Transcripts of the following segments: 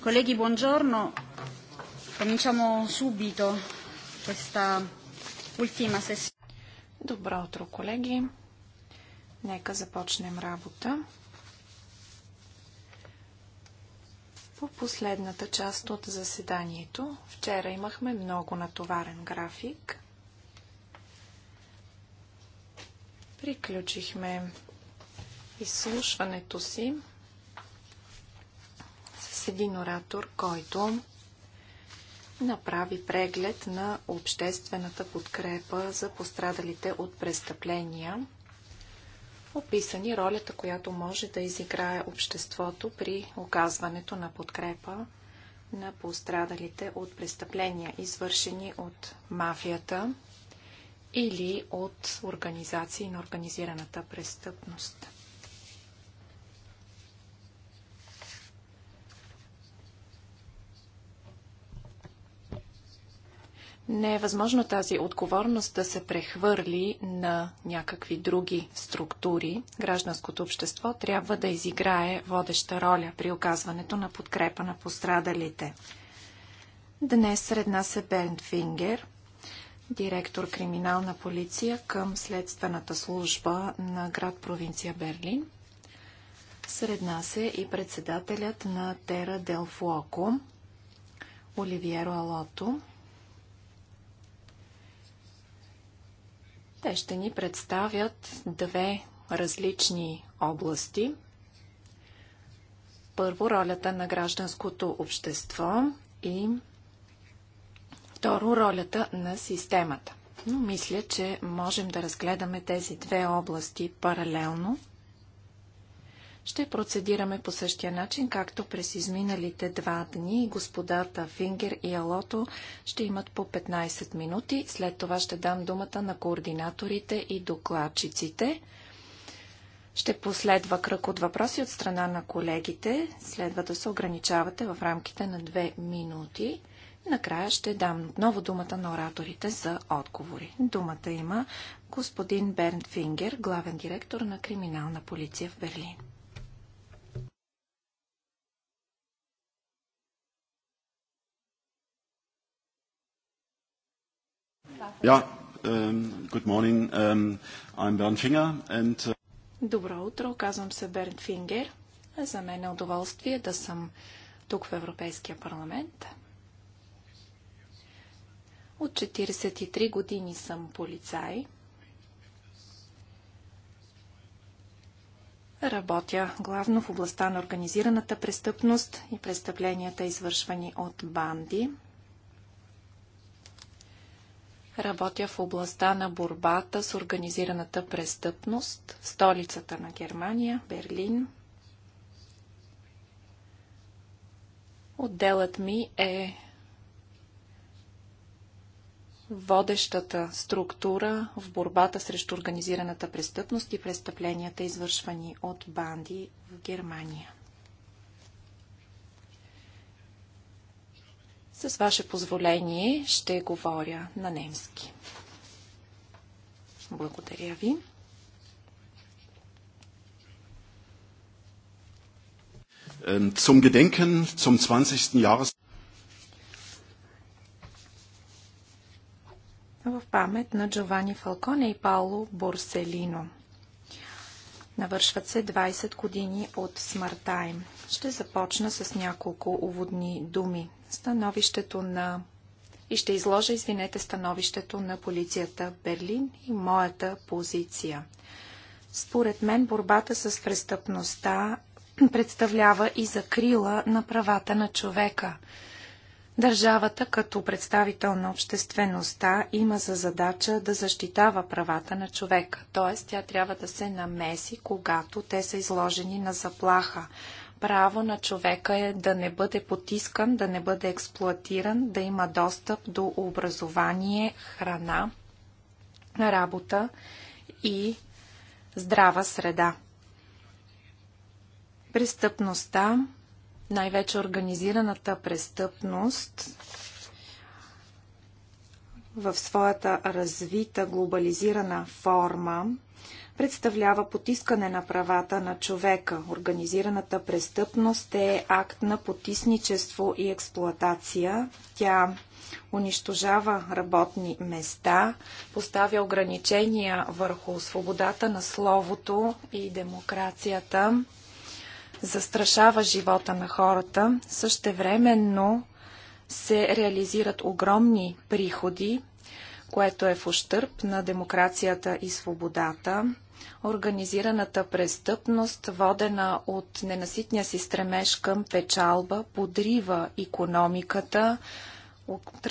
Colleghi, buongiorno. Cominciamo subito questa ultima sessione. Добро утро, колеги. Нека започнем работа. По последната част от заседанието, вчера имахме много натоварен график. Приключихме изслушването си един оратор, който направи преглед на обществената подкрепа за пострадалите от престъпления, описани ролята, която може да изиграе обществото при оказването на подкрепа на пострадалите от престъпления, извършени от мафията или от организации на организираната престъпност. не е възможно тази отговорност да се прехвърли на някакви други структури. Гражданското общество трябва да изиграе водеща роля при оказването на подкрепа на пострадалите. Днес сред нас е Бен Фингер, директор криминална полиция към следствената служба на град провинция Берлин. Сред нас е и председателят на Тера Делфуоко, Оливиеро Алото. Те ще ни представят две различни области. Първо, ролята на гражданското общество и второ, ролята на системата. Но мисля, че можем да разгледаме тези две области паралелно – ще процедираме по същия начин, както през изминалите два дни господата Фингер и Алото ще имат по 15 минути. След това ще дам думата на координаторите и докладчиците. Ще последва кръг от въпроси от страна на колегите. Следва да се ограничавате в рамките на две минути. Накрая ще дам отново думата на ораторите за отговори. Думата има господин Бернт Фингер, главен директор на криминална полиция в Берлин. Ähm, good morning. Ähm, I'm Bernd Finger and... Äh, Добро утро, казвам се Бернт Фингер. За мен е удоволствие да съм тук в Европейския парламент. От 43 години съм полицай. Работя главно в областта на организираната престъпност и престъпленията, извършвани от банди. Работя в областта на борбата с организираната престъпност в столицата на Германия, Берлин. Отделът ми е водещата структура в борбата срещу организираната престъпност и престъпленията, извършвани от банди в Германия. С ваше позволение ще говоря на немски. Благодаря ви. Zum Gedenken zum 20. Jahres в памет на Джовани Фалконе и Пауло Борселино. Навършват се 20 години от смъртта им. Ще започна с няколко уводни думи становището на и ще изложа, извинете, становището на полицията Берлин и моята позиция. Според мен борбата с престъпността представлява и закрила на правата на човека. Държавата като представител на обществеността има за задача да защитава правата на човека, т.е. тя трябва да се намеси, когато те са изложени на заплаха. Право на човека е да не бъде потискан, да не бъде експлуатиран, да има достъп до образование, храна, работа и здрава среда. Престъпността, най-вече организираната престъпност, в своята развита глобализирана форма представлява потискане на правата на човека. Организираната престъпност е акт на потисничество и експлоатация. Тя унищожава работни места, поставя ограничения върху свободата на словото и демокрацията, застрашава живота на хората, същевременно се реализират огромни приходи, което е в ущърп на демокрацията и свободата. Организираната престъпност, водена от ненаситния си стремеж към печалба, подрива економиката,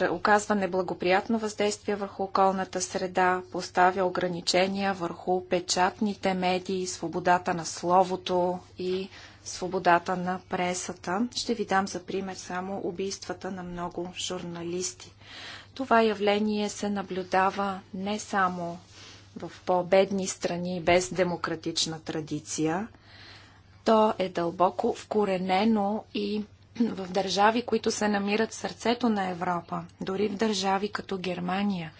оказва неблагоприятно въздействие върху околната среда, поставя ограничения върху печатните медии, свободата на словото и свободата на пресата. Ще ви дам за пример само убийствата на много журналисти. Това явление се наблюдава не само в по-бедни страни без демократична традиция, то е дълбоко вкоренено и в държави, които се намират в сърцето на Европа, дори в държави като Германия.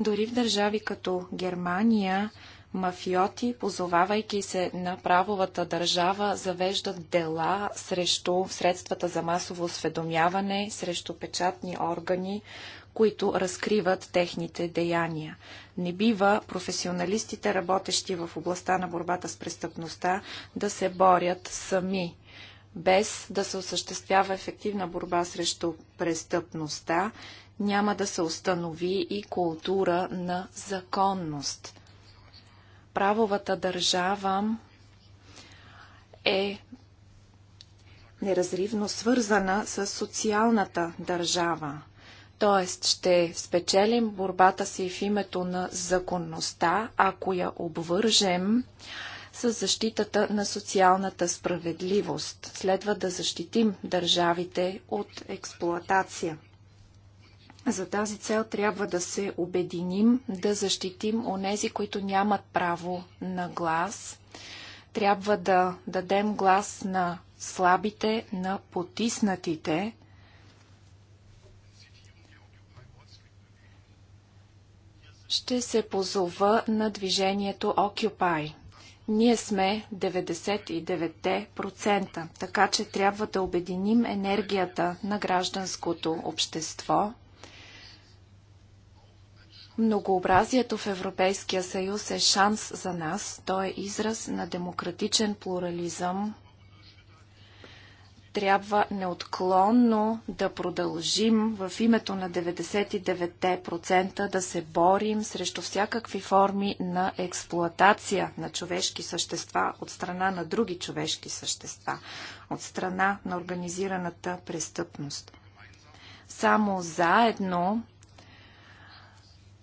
Дори в държави като Германия, мафиоти, позовавайки се на правовата държава, завеждат дела срещу средствата за масово осведомяване, срещу печатни органи, които разкриват техните деяния. Не бива професионалистите, работещи в областта на борбата с престъпността, да се борят сами, без да се осъществява ефективна борба срещу престъпността, няма да се установи и култура на законност. Правовата държава е неразривно свързана с социалната държава. Тоест ще спечелим борбата си в името на законността, ако я обвържем с защитата на социалната справедливост. Следва да защитим държавите от експлоатация. За тази цел трябва да се обединим, да защитим онези, които нямат право на глас. Трябва да дадем глас на слабите, на потиснатите, Ще се позова на движението Occupy. Ние сме 99%, така че трябва да обединим енергията на гражданското общество. Многообразието в Европейския съюз е шанс за нас. Той е израз на демократичен плурализъм, трябва неотклонно да продължим в името на 99% да се борим срещу всякакви форми на експлоатация на човешки същества от страна на други човешки същества, от страна на организираната престъпност. Само заедно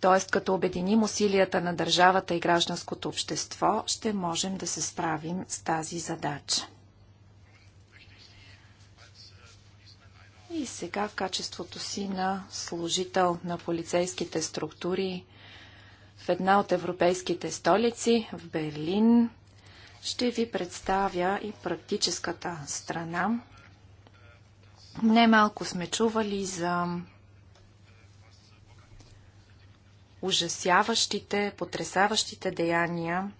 т.е. като обединим усилията на държавата и гражданското общество, ще можем да се справим с тази задача. И сега в качеството си на служител на полицейските структури в една от европейските столици, в Берлин, ще ви представя и практическата страна. Немалко сме чували за ужасяващите, потрясаващите деяния,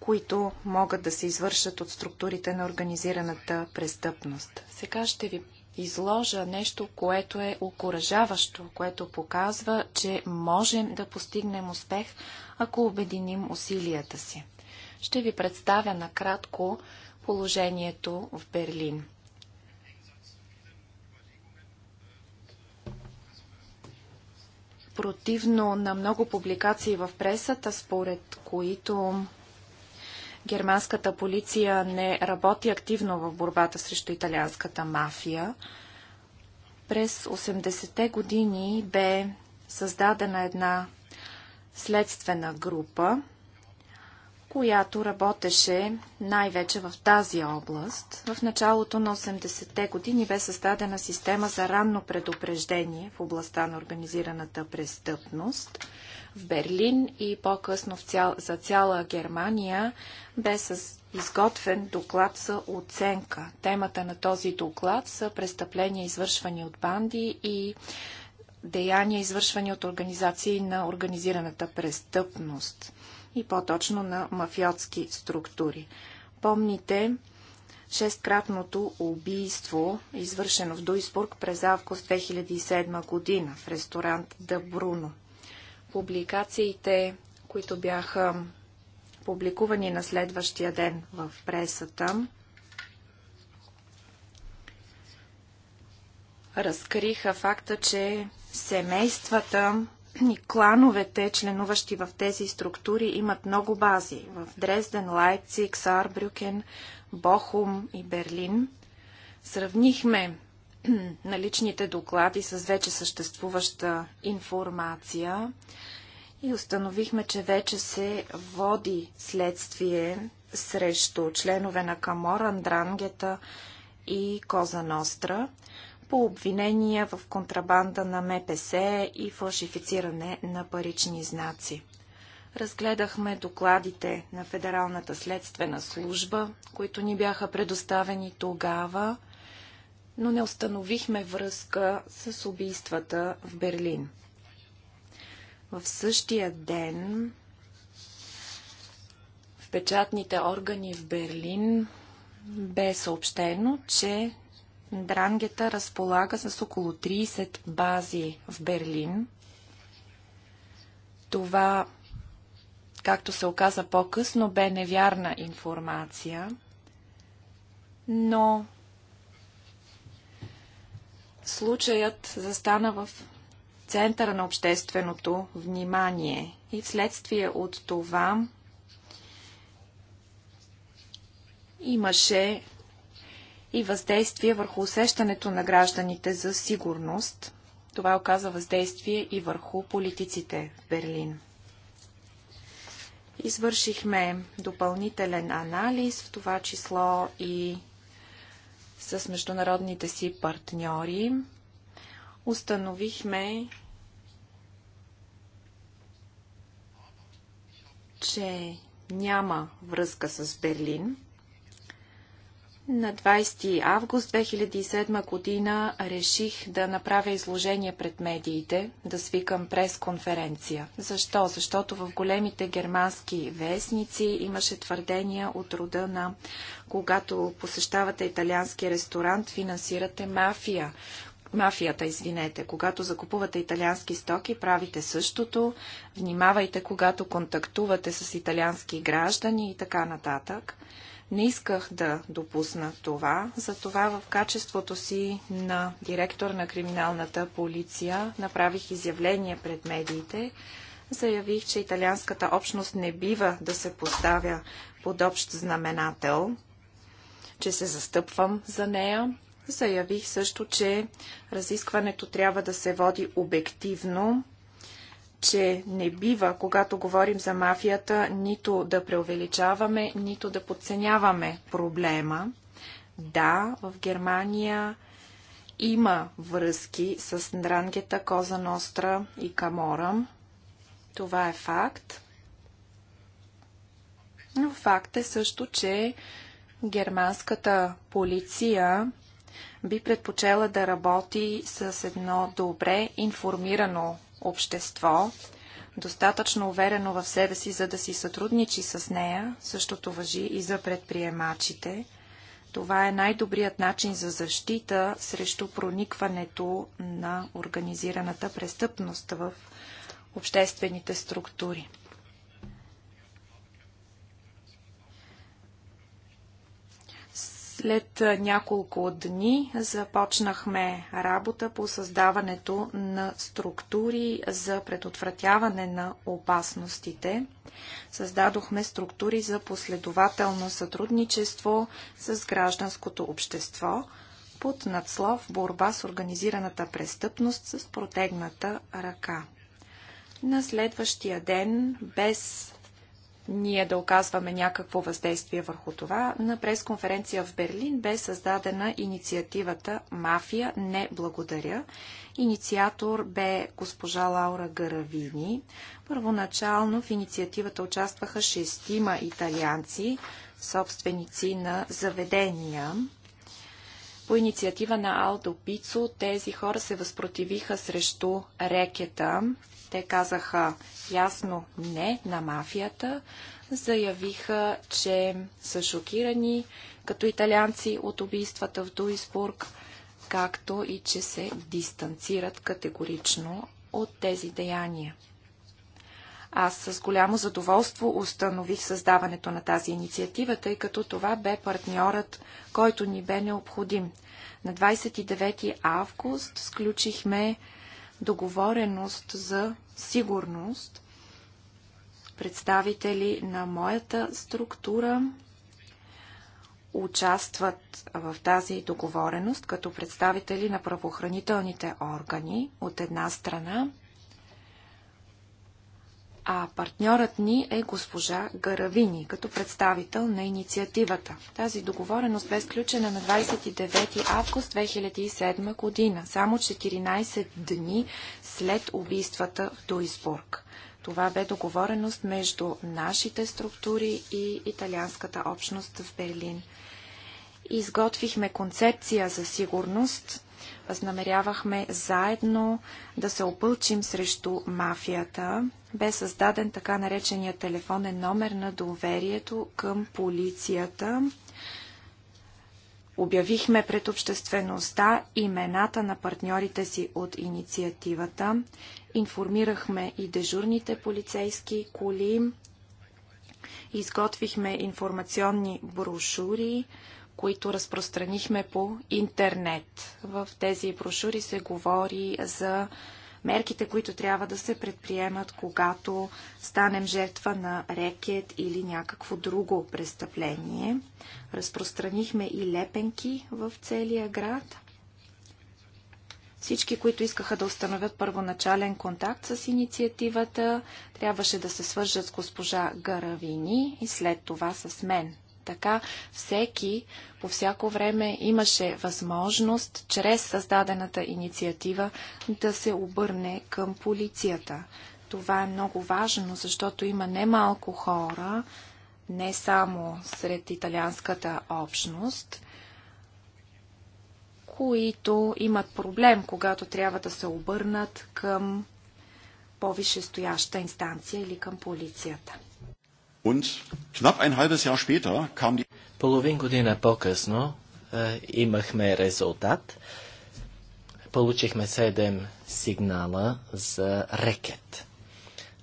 които могат да се извършат от структурите на организираната престъпност. Сега ще ви изложа нещо, което е окоръжаващо, което показва, че можем да постигнем успех, ако обединим усилията си. Ще ви представя накратко положението в Берлин. Противно на много публикации в пресата, според които германската полиция не работи активно в борбата срещу италианската мафия. През 80-те години бе създадена една следствена група, която работеше най-вече в тази област. В началото на 80-те години бе създадена система за ранно предупреждение в областта на организираната престъпност – в Берлин и по-късно цял, за цяла Германия бе с изготвен доклад за оценка. Темата на този доклад са престъпления, извършвани от банди и деяния, извършвани от организации на организираната престъпност и по-точно на мафиотски структури. Помните шесткратното убийство, извършено в Дуйсбург през август 2007 година в ресторант Дабруно. Публикациите, които бяха публикувани на следващия ден в пресата, разкриха факта, че семействата и клановете, членуващи в тези структури, имат много бази в Дрезден, Лайпциг, Саарбрюкен, Бохум и Берлин. Сравнихме наличните доклади с вече съществуваща информация и установихме, че вече се води следствие срещу членове на Камор, Андрангета и Коза Ностра по обвинения в контрабанда на МПС и фалшифициране на парични знаци. Разгледахме докладите на Федералната следствена служба, които ни бяха предоставени тогава – но не установихме връзка с убийствата в Берлин. В същия ден в печатните органи в Берлин бе съобщено, че Дрангета разполага с около 30 бази в Берлин. Това, както се оказа по-късно, бе невярна информация, но случаят застана в центъра на общественото внимание и вследствие от това имаше и въздействие върху усещането на гражданите за сигурност. Това оказа въздействие и върху политиците в Берлин. Извършихме допълнителен анализ, в това число и с международните си партньори установихме, че няма връзка с Берлин. На 20 август 2007 година реших да направя изложение пред медиите, да свикам пресконференция. Защо? Защото в големите германски вестници имаше твърдения от рода на когато посещавате италиански ресторант, финансирате мафия. Мафията, извинете. Когато закупувате италиански стоки, правите същото. Внимавайте, когато контактувате с италиански граждани и така нататък. Не исках да допусна това, затова в качеството си на директор на криминалната полиция направих изявление пред медиите. Заявих, че италианската общност не бива да се поставя под общ знаменател, че се застъпвам за нея. Заявих също, че разискването трябва да се води обективно, че не бива, когато говорим за мафията, нито да преувеличаваме, нито да подценяваме проблема. Да, в Германия има връзки с Дрангета, Коза Ностра и Камора. Това е факт. Но факт е също, че германската полиция би предпочела да работи с едно добре информирано общество, достатъчно уверено в себе си, за да си сътрудничи с нея, същото въжи и за предприемачите. Това е най-добрият начин за защита срещу проникването на организираната престъпност в обществените структури. След няколко дни започнахме работа по създаването на структури за предотвратяване на опасностите. Създадохме структури за последователно сътрудничество с гражданското общество под надслов борба с организираната престъпност с протегната ръка. На следващия ден, без ние да оказваме някакво въздействие върху това. На пресконференция в Берлин бе създадена инициативата Мафия не благодаря. Инициатор бе госпожа Лаура Гаравини. Първоначално в инициативата участваха шестима италианци, собственици на заведения. По инициатива на Алдо Пицо тези хора се възпротивиха срещу рекета те казаха ясно не на мафията, заявиха, че са шокирани като италианци от убийствата в Дуисбург, както и че се дистанцират категорично от тези деяния. Аз с голямо задоволство установих създаването на тази инициатива, тъй като това бе партньорът, който ни бе необходим. На 29 август сключихме договореност за сигурност. Представители на моята структура участват в тази договореност като представители на правоохранителните органи от една страна а партньорът ни е госпожа Гаравини, като представител на инициативата. Тази договореност бе сключена на 29 август 2007 година, само 14 дни след убийствата в Дуисбург. Това бе договореност между нашите структури и италианската общност в Берлин. Изготвихме концепция за сигурност, възнамерявахме заедно да се опълчим срещу мафията. Бе създаден така наречения телефонен номер на доверието към полицията. Обявихме пред обществеността имената на партньорите си от инициативата. Информирахме и дежурните полицейски коли. Изготвихме информационни брошури, които разпространихме по интернет. В тези брошури се говори за мерките, които трябва да се предприемат, когато станем жертва на рекет или някакво друго престъпление. Разпространихме и лепенки в целия град. Всички, които искаха да установят първоначален контакт с инициативата, трябваше да се свържат с госпожа Гаравини и след това с мен. Така всеки по всяко време имаше възможност, чрез създадената инициатива, да се обърне към полицията. Това е много важно, защото има немалко хора, не само сред италианската общност, които имат проблем, когато трябва да се обърнат към повише стояща инстанция или към полицията. Und knapp ein halbes Jahr später kam die... Половин година по-късно е, имахме резултат. Получихме 7 сигнала за рекет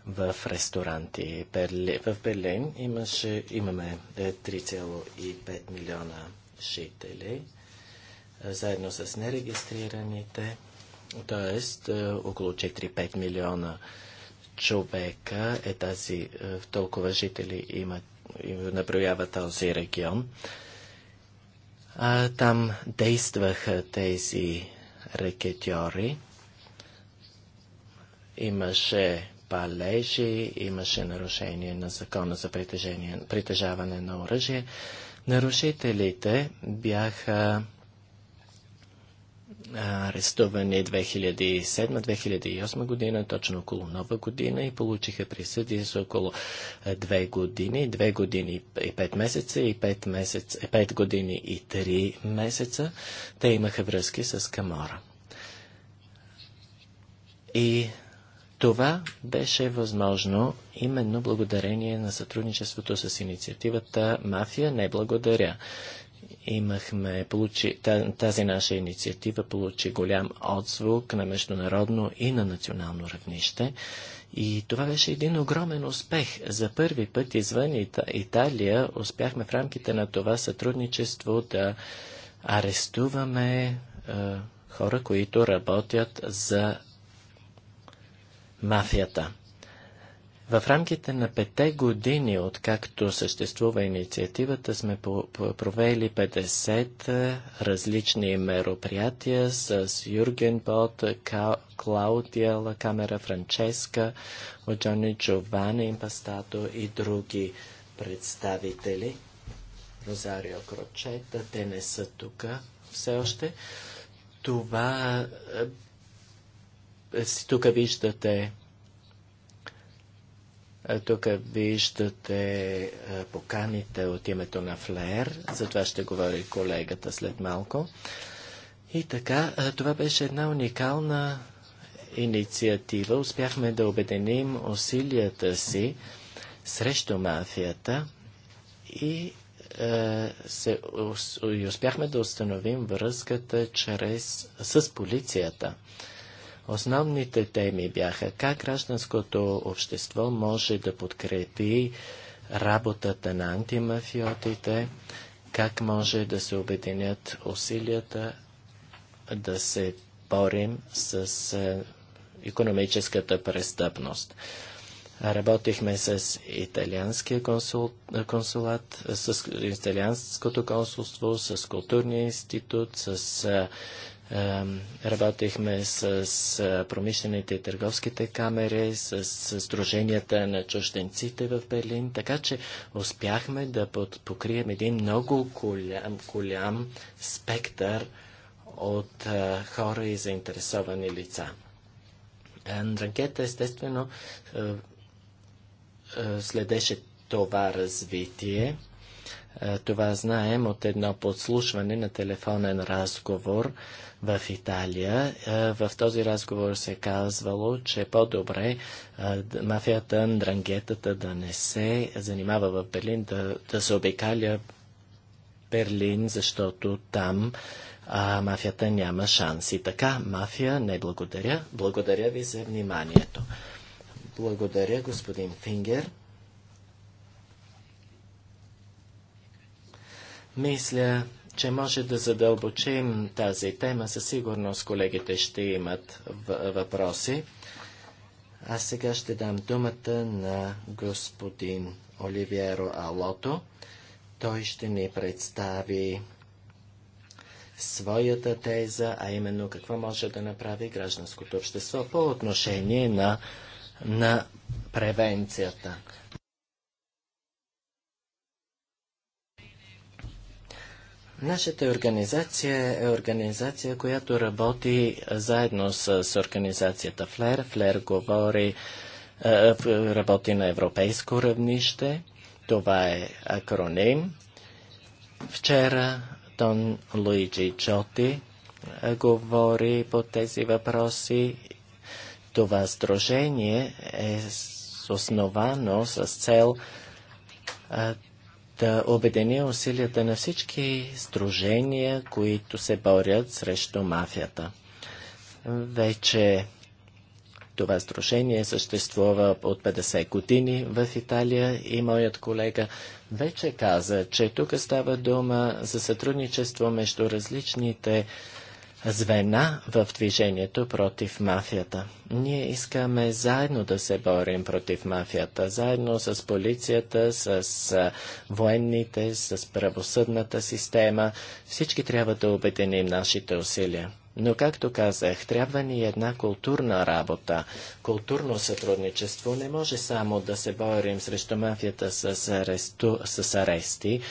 в ресторанти. Берли... В Берлин имаше, имаме 3,5 е, милиона жители, е, заедно с нерегистрираните, т.е. около 4-5 милиона жители човека е тази, е, толкова жители имат, наброява този регион. А, там действаха тези рекетьори. Имаше палежи, имаше нарушение на закона за притежаване на оръжие. Нарушителите бяха арестувани 2007-2008 година, точно около нова година и получиха присъди за около 2 години, 2 години и 5 месеца и 5, месец, 5 е, години и 3 месеца. Те имаха връзки с Камора. И това беше възможно именно благодарение на сътрудничеството с инициативата Мафия не благодаря имахме, получи, тази наша инициатива получи голям отзвук на международно и на национално равнище. И това беше един огромен успех. За първи път извън Италия успяхме в рамките на това сътрудничество да арестуваме е, хора, които работят за мафията. В рамките на пете години, откакто съществува инициативата, сме провели 50 е, различни мероприятия с Юрген Бот, Клаудия Ла Камера Франческа, Джони Джованни Импастато и други представители. Розарио Крочета, те не са тук все още. Това е, е, тук виждате тук виждате поканите от името на Флер, за това ще говори колегата след малко. И така, това беше една уникална инициатива. Успяхме да обединим усилията си срещу мафията и, е, се, и успяхме да установим връзката чрез, с полицията. Основните теми бяха как гражданското общество може да подкрепи работата на антимафиотите, как може да се обединят усилията да се борим с економическата престъпност. Работихме с италианския консул, консулат, с италианското консулство, с културния институт, с е, Работихме с, с промишлените и търговските камери, с, с Сдруженията на чужденците в Берлин, така че успяхме да под, покрием един много голям, голям спектър от а, хора и заинтересовани лица. Ранкета, естествено, а, а, следеше това развитие. Е, това знаем от едно подслушване на телефонен разговор в Италия. Е, в този разговор се е казвало, че по-добре мафията, дрангетата да не се занимава в Берлин, да, да се обикаля Берлин, защото там а, мафията няма шанс. И така, мафия, не благодаря. Благодаря ви за вниманието. Благодаря, господин Фингер. Мисля, че може да задълбочим тази тема. Със сигурност колегите ще имат въпроси. А сега ще дам думата на господин Оливиеро Алото. Той ще ни представи своята теза, а именно какво може да направи гражданското общество по отношение на, на превенцията. Нашата организация е организация, която работи заедно с организацията ФЛЕР. ФЛЕР говори, работи на европейско равнище. Това е акроним. Вчера Дон Луиджи Чоти говори по тези въпроси. Това сдружение е основано с цел да обединя усилията на всички сдружения, които се борят срещу мафията. Вече това сдружение съществува от 50 години в Италия и моят колега вече каза, че тук става дума за сътрудничество между различните звена в движението против мафията. Ние искаме заедно да се борим против мафията, заедно с полицията, с военните, с правосъдната система. Всички трябва да обединим нашите усилия. Но, както казах, трябва ни една културна работа. Културно сътрудничество не може само да се борим срещу мафията с, аресту, с арести.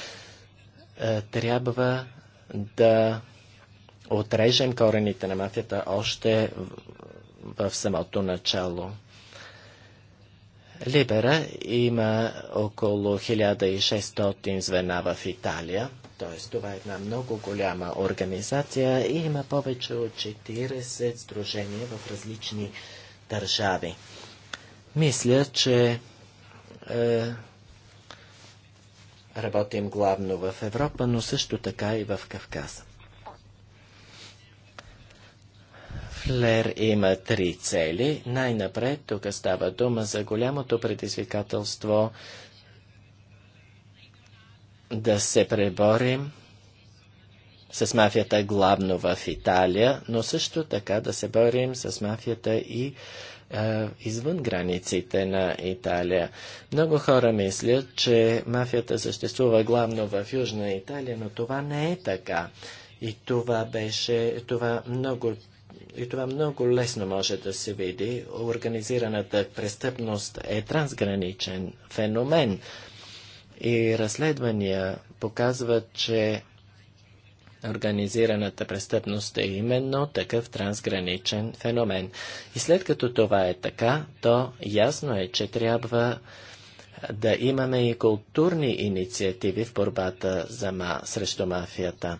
Е, трябва да отрежем корените на мафията още в, в самото начало. Либера има около 1600 звена в Италия, т.е. това е една много голяма организация и има повече от 40 сдружения в различни държави. Мисля, че е, работим главно в Европа, но също така и в Кавказа. Лер има три цели. Най-напред тук става дума за голямото предизвикателство да се преборим с мафията главно в Италия, но също така да се борим с мафията и е, извън границите на Италия. Много хора мислят, че мафията съществува главно в Южна Италия, но това не е така. И това беше, това много и това много лесно може да се види. Организираната престъпност е трансграничен феномен. И разследвания показват, че Организираната престъпност е именно такъв трансграничен феномен. И след като това е така, то ясно е, че трябва да имаме и културни инициативи в борбата за ма... срещу мафията.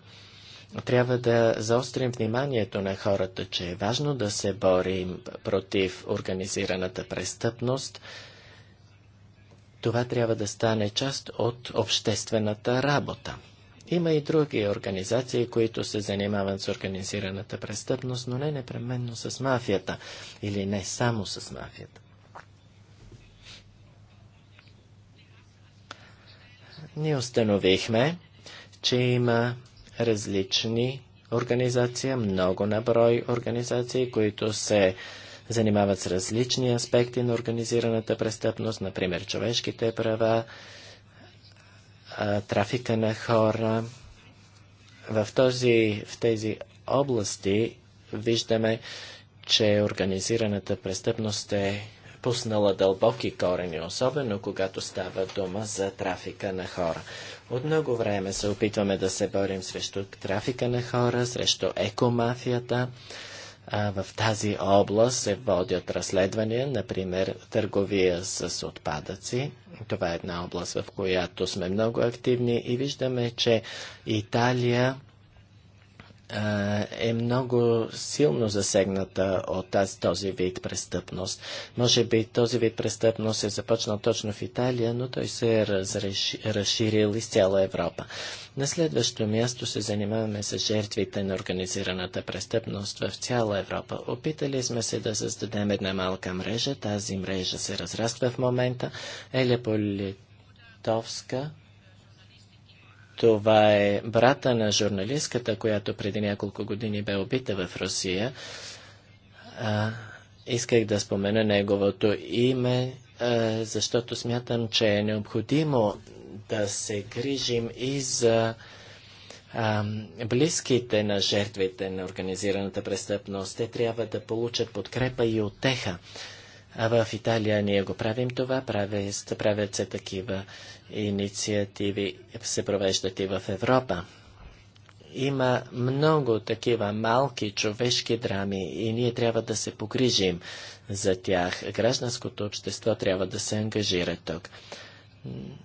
Трябва да заострим вниманието на хората, че е важно да се борим против организираната престъпност. Това трябва да стане част от обществената работа. Има и други организации, които се занимават с организираната престъпност, но не непременно с мафията или не само с мафията. Ние установихме, че има различни организации, много наброй организации, които се занимават с различни аспекти на организираната престъпност, например човешките права, трафика на хора. В, този, в тези области виждаме, че организираната престъпност е пуснала дълбоки корени, особено когато става дума за трафика на хора. От много време се опитваме да се борим срещу трафика на хора, срещу екомафията. А в тази област се водят разследвания, например търговия с отпадъци. Това е една област, в която сме много активни и виждаме, че Италия е, е много силно засегната от тази, този вид престъпност. Може би този вид престъпност е започнал точно в Италия, но той се е разреш, разширил из цяла Европа. На следващо място се занимаваме с жертвите на организираната престъпност в цяла Европа. Опитали сме се да създадем една малка мрежа. Тази мрежа се разраства в момента. Еля по това е брата на журналистката, която преди няколко години бе убита в Русия. А, исках да спомена неговото име, а, защото смятам, че е необходимо да се грижим и за а, близките на жертвите на организираната престъпност. Те трябва да получат подкрепа и отеха. От а в Италия ние го правим това, правят, правят се такива инициативи, се провеждат и в Европа. Има много такива малки човешки драми и ние трябва да се погрижим за тях. Гражданското общество трябва да се ангажира тук.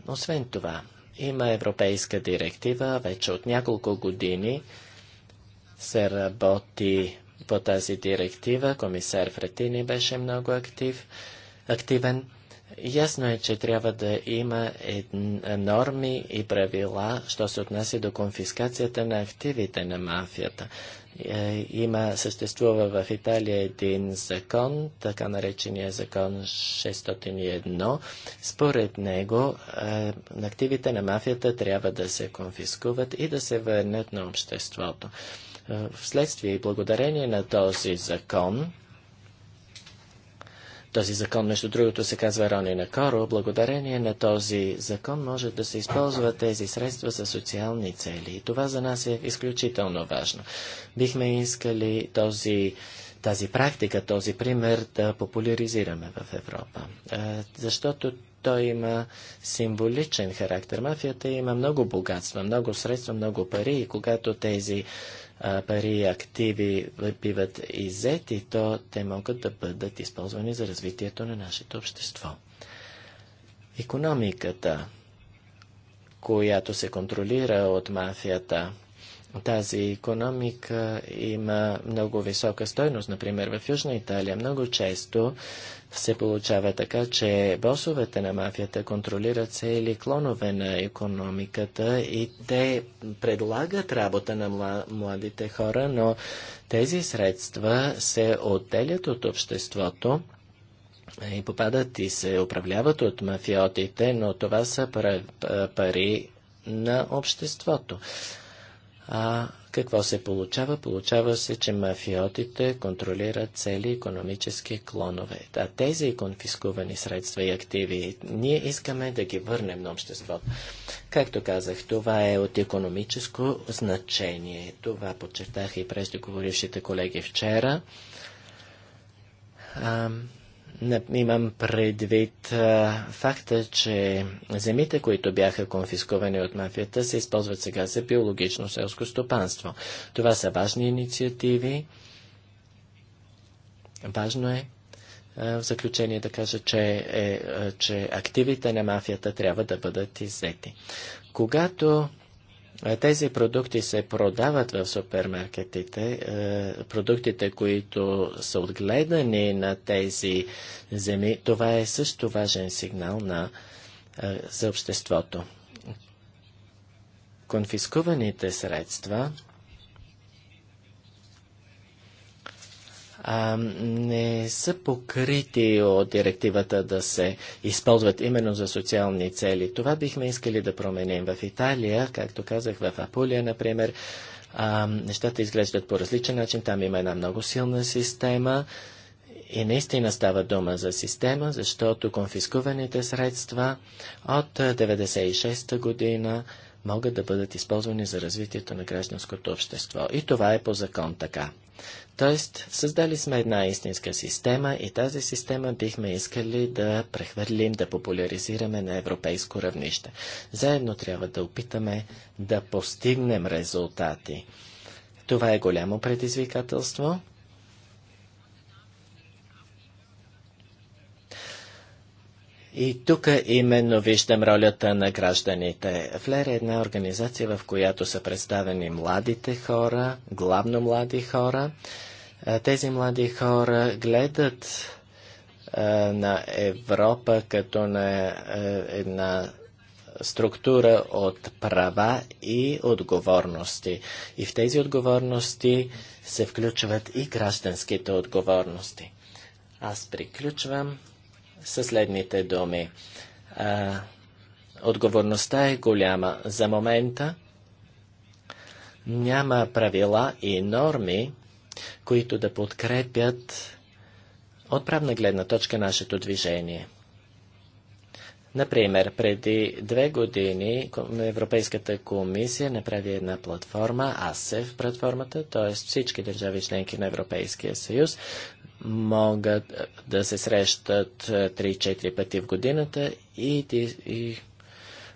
Освен това, има европейска директива, вече от няколко години се работи по тази директива. Комисар Фретини беше много актив, активен. Ясно е, че трябва да има норми и правила, що се отнася до конфискацията на активите на мафията. Е, има, съществува в Италия един закон, така наречения закон 601. Според него е, активите на мафията трябва да се конфискуват и да се върнат на обществото. Е, вследствие и благодарение на този закон, този закон, между другото, се казва Рони на Коро. Благодарение на този закон може да се използват тези средства за социални цели. И това за нас е изключително важно. Бихме искали този, тази практика, този пример да популяризираме в Европа. Е, защото той има символичен характер. Мафията има много богатства, много средства, много пари и когато тези пари активи биват иззети, то те могат да бъдат използвани за развитието на нашето общество. Економиката, която се контролира от мафията, тази економика има много висока стойност. Например, в Южна Италия много често се получава така, че босовете на мафията контролират цели клонове на економиката и те предлагат работа на младите хора, но тези средства се отделят от обществото и попадат и се управляват от мафиотите, но това са пари на обществото. А какво се получава? Получава се, че мафиотите контролират цели економически клонове. А тези конфискувани средства и активи, ние искаме да ги върнем на обществото. Както казах, това е от економическо значение. Това подчертах и преждеговорившите колеги вчера. Имам предвид а, факта, че земите, които бяха конфискувани от мафията, се използват сега за биологично селско стопанство. Това са важни инициативи. Важно е а, в заключение да кажа, че, е, а, че активите на мафията трябва да бъдат иззети. Когато тези продукти се продават в супермаркетите. Е, продуктите, които са отгледани на тези земи, това е също важен сигнал на, е, за обществото. Конфискуваните средства а, не са покрити от директивата да се използват именно за социални цели. Това бихме искали да променим. В Италия, както казах, в Апулия, например, а, нещата изглеждат по различен начин. Там има една много силна система. И наистина става дума за система, защото конфискуваните средства от 1996 година могат да бъдат използвани за развитието на гражданското общество. И това е по закон така. Тоест, създали сме една истинска система и тази система бихме искали да прехвърлим, да популяризираме на европейско равнище. Заедно трябва да опитаме да постигнем резултати. Това е голямо предизвикателство, И тук именно виждам ролята на гражданите. ФЛЕР е една организация, в която са представени младите хора, главно млади хора. Тези млади хора гледат на Европа като на една структура от права и отговорности. И в тези отговорности се включват и гражданските отговорности. Аз приключвам със следните думи. А, отговорността е голяма. За момента няма правила и норми, които да подкрепят отправна гледна точка нашето движение. Например, преди две години Европейската комисия направи една платформа, АСЕВ платформата, т.е. всички държави членки на Европейския съюз могат е, да се срещат 3-4 е, пъти в годината и, и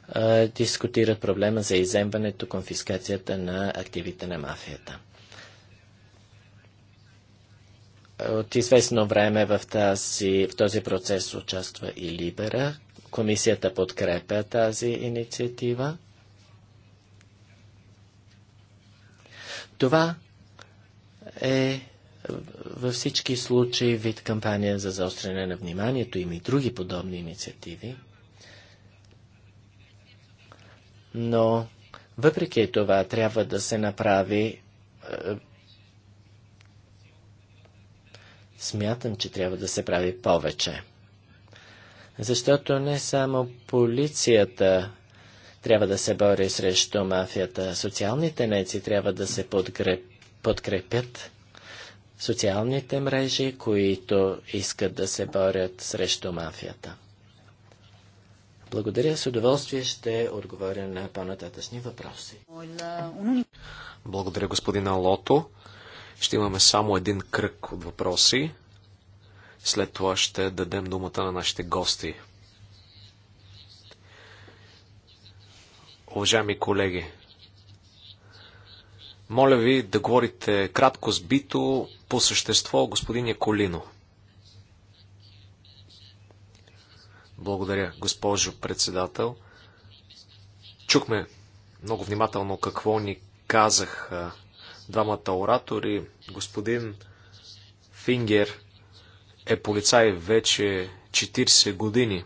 а, е, дискутират проблема за иземването, конфискацията на активите на мафията от известно време в, тази, в този процес участва и Либера, Комисията подкрепя тази инициатива. Това е във всички случаи вид кампания за заостряне на вниманието им и други подобни инициативи. Но въпреки това трябва да се направи е, смятам, че трябва да се прави повече. Защото не само полицията трябва да се бори срещу мафията, социалните неци трябва да се подкреп, подкрепят. Социалните мрежи, които искат да се борят срещу мафията. Благодаря. С удоволствие ще отговоря на по-нататъчни въпроси. Благодаря, господина Лото. Ще имаме само един кръг от въпроси. След това ще дадем думата на нашите гости. Уважаеми колеги, моля ви да говорите кратко сбито по същество господин Яколино. Благодаря, госпожо председател. Чухме много внимателно какво ни казах двамата оратори. Господин Фингер е полицай вече 40 години.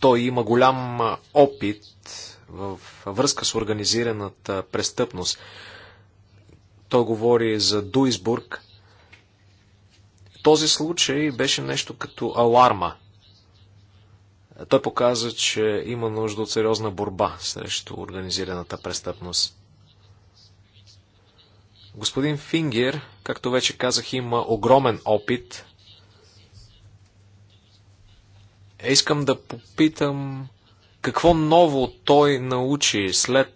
Той има голям опит в връзка с организираната престъпност. Той говори за Дуисбург. Този случай беше нещо като аларма. Той показа, че има нужда от сериозна борба срещу организираната престъпност. Господин Фингер, както вече казах, има огромен опит. Е, искам да попитам какво ново той научи след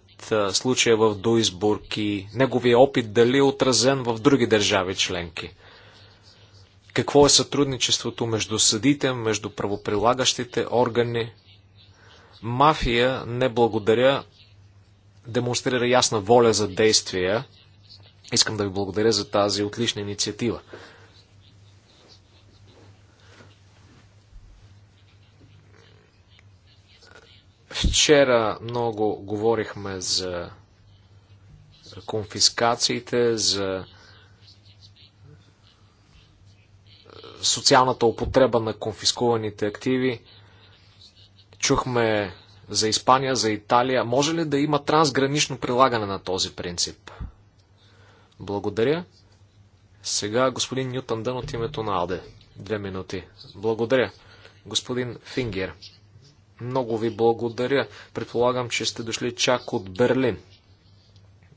случая в Дуисбург и неговия опит дали е отразен в други държави членки. Какво е сътрудничеството между съдите, между правоприлагащите органи? Мафия, не благодаря, демонстрира ясна воля за действия. Искам да ви благодаря за тази отлична инициатива. Вчера много говорихме за конфискациите, за социалната употреба на конфискуваните активи. Чухме за Испания, за Италия. Може ли да има трансгранично прилагане на този принцип? Благодаря. Сега господин Нютън Дън от името на Аде. Две минути. Благодаря. Господин Фингер, много ви благодаря. Предполагам, че сте дошли чак от Берлин.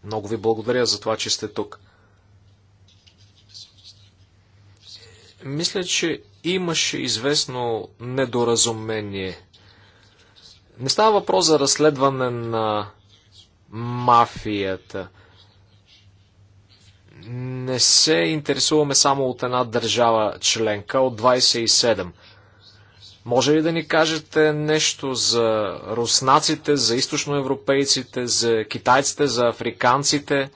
Много ви благодаря за това, че сте тук. Мисля, че имаше известно недоразумение. Не става въпрос за разследване на мафията не се интересуваме само от една държава членка, от 27. Може ли да ни кажете нещо за руснаците, за източноевропейците, за китайците, за африканците?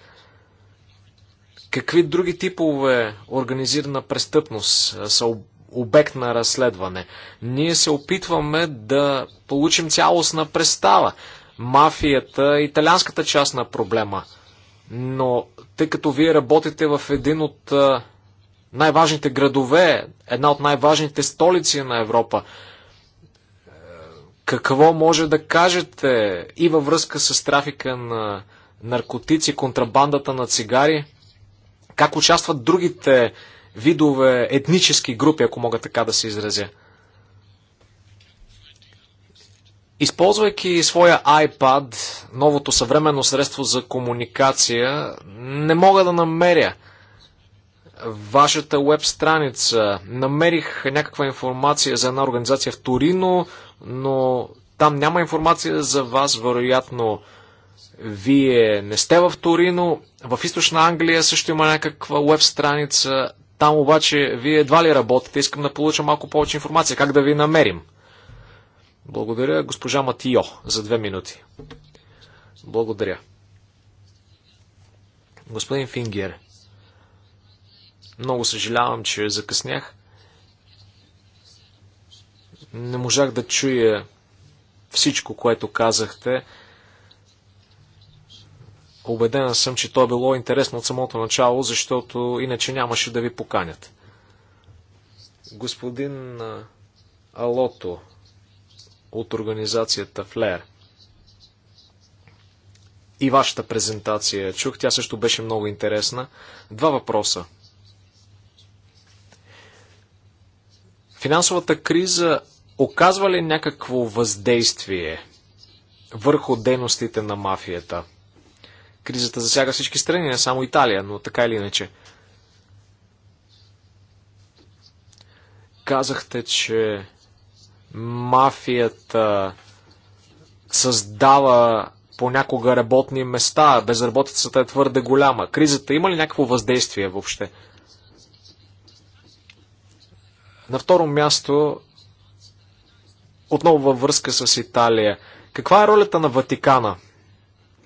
Какви други типове организирана престъпност са обект на разследване? Ние се опитваме да получим цялостна представа. Мафията, е италианската част на проблема – но тъй като вие работите в един от най-важните градове, една от най-важните столици на Европа, е, какво може да кажете и във връзка с трафика на наркотици, контрабандата на цигари? Как участват другите видове етнически групи, ако мога така да се изразя? Използвайки своя iPad, новото съвременно средство за комуникация, не мога да намеря вашата веб страница. Намерих някаква информация за една организация в Торино, но там няма информация за вас. Вероятно, вие не сте в Торино. В източна Англия също има някаква веб страница. Там обаче вие едва ли работите. Искам да получа малко повече информация. Как да ви намерим? Благодаря госпожа Матио за две минути. Благодаря. Господин Фингер, много съжалявам, че закъснях. Не можах да чуя всичко, което казахте. Обедена съм, че то е било интересно от самото начало, защото иначе нямаше да ви поканят. Господин Алото от организацията Флер. И вашата презентация чух, тя също беше много интересна. Два въпроса. Финансовата криза оказва ли някакво въздействие върху дейностите на мафията? Кризата засяга всички страни, не само Италия, но така или иначе. Казахте, че мафията създава понякога работни места, безработицата е твърде голяма. Кризата има ли някакво въздействие въобще? На второ място, отново във връзка с Италия, каква е ролята на Ватикана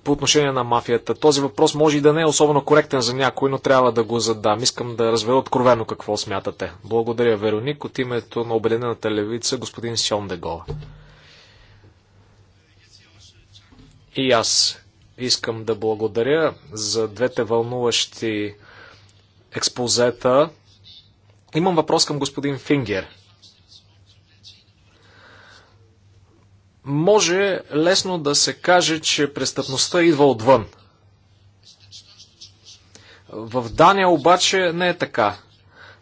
по отношение на мафията. Този въпрос може и да не е особено коректен за някой, но трябва да го задам. Искам да разбера откровено какво смятате. Благодаря, Вероник. От името на Обединената левица, господин Сьон Дегол. И аз искам да благодаря за двете вълнуващи експозета. Имам въпрос към господин Фингер. Може лесно да се каже, че престъпността идва отвън. В Дания обаче не е така.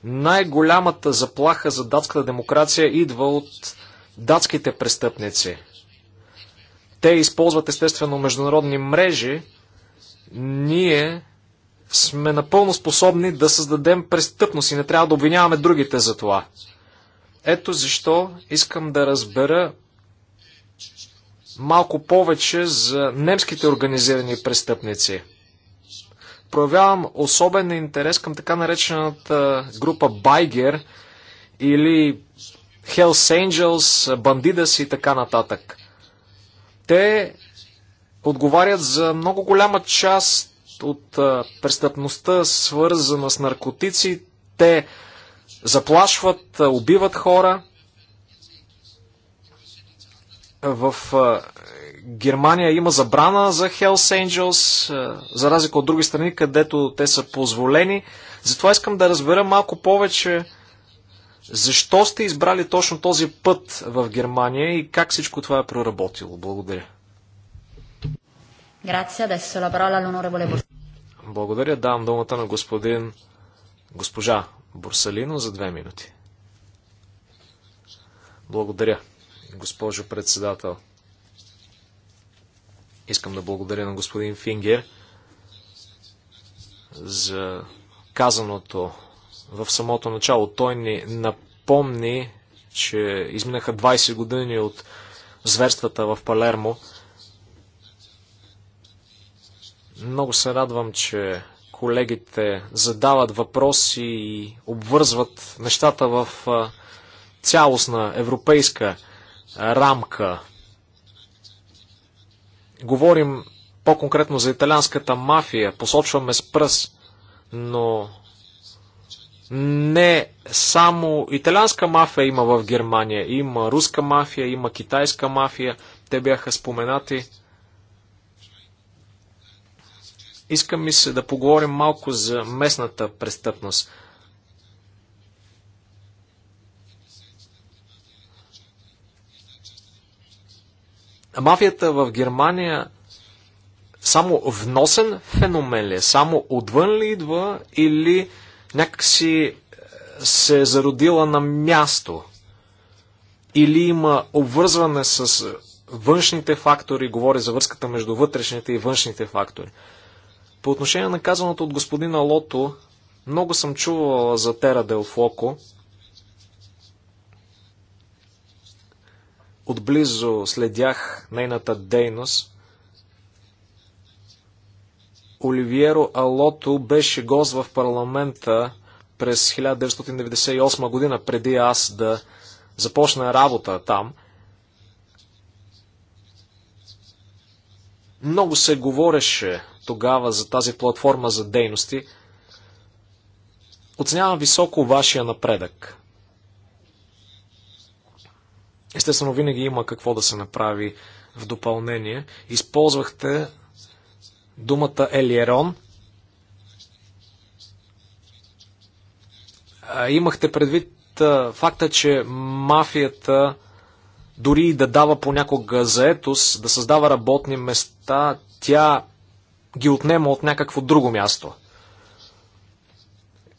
Най-голямата заплаха за датската демокрация идва от датските престъпници. Те използват естествено международни мрежи. Ние сме напълно способни да създадем престъпност и не трябва да обвиняваме другите за това. Ето защо искам да разбера малко повече за немските организирани престъпници. Проявявам особен интерес към така наречената група Байгер или Hells Angels, Бандидас и така нататък. Те отговарят за много голяма част от престъпността, свързана с наркотици. Те заплашват, убиват хора. В Германия има забрана за Hells Angels, за разлика от други страни, където те са позволени. Затова искам да разбера малко повече защо сте избрали точно този път в Германия и как всичко това е проработило. Благодаря. Благодаря. Давам думата на господин госпожа Борсалино за две минути. Благодаря госпожо председател. Искам да благодаря на господин Фингер за казаното в самото начало. Той ни напомни, че изминаха 20 години от зверствата в Палермо. Много се радвам, че колегите задават въпроси и обвързват нещата в цялостна европейска рамка. Говорим по-конкретно за италианската мафия, посочваме с пръст, но не само италианска мафия има в Германия. Има руска мафия, има китайска мафия. Те бяха споменати. Искам ми се да поговорим малко за местната престъпност. мафията в Германия само вносен феномен ли е? Само отвън ли идва или някакси е, се е зародила на място? Или има обвързване с е, външните фактори, говори за връзката между вътрешните и външните фактори. По отношение на казаното от господина Лото, много съм чувала за Тера Дел Фоко. отблизо следях нейната дейност. Оливиеро Алото беше гост в парламента през 1998 година, преди аз да започна работа там. Много се говореше тогава за тази платформа за дейности. Оценявам високо вашия напредък. Естествено, винаги има какво да се направи в допълнение. Използвахте думата Елиерон. Имахте предвид факта, че мафията дори и да дава понякога заетост, да създава работни места, тя ги отнема от някакво друго място.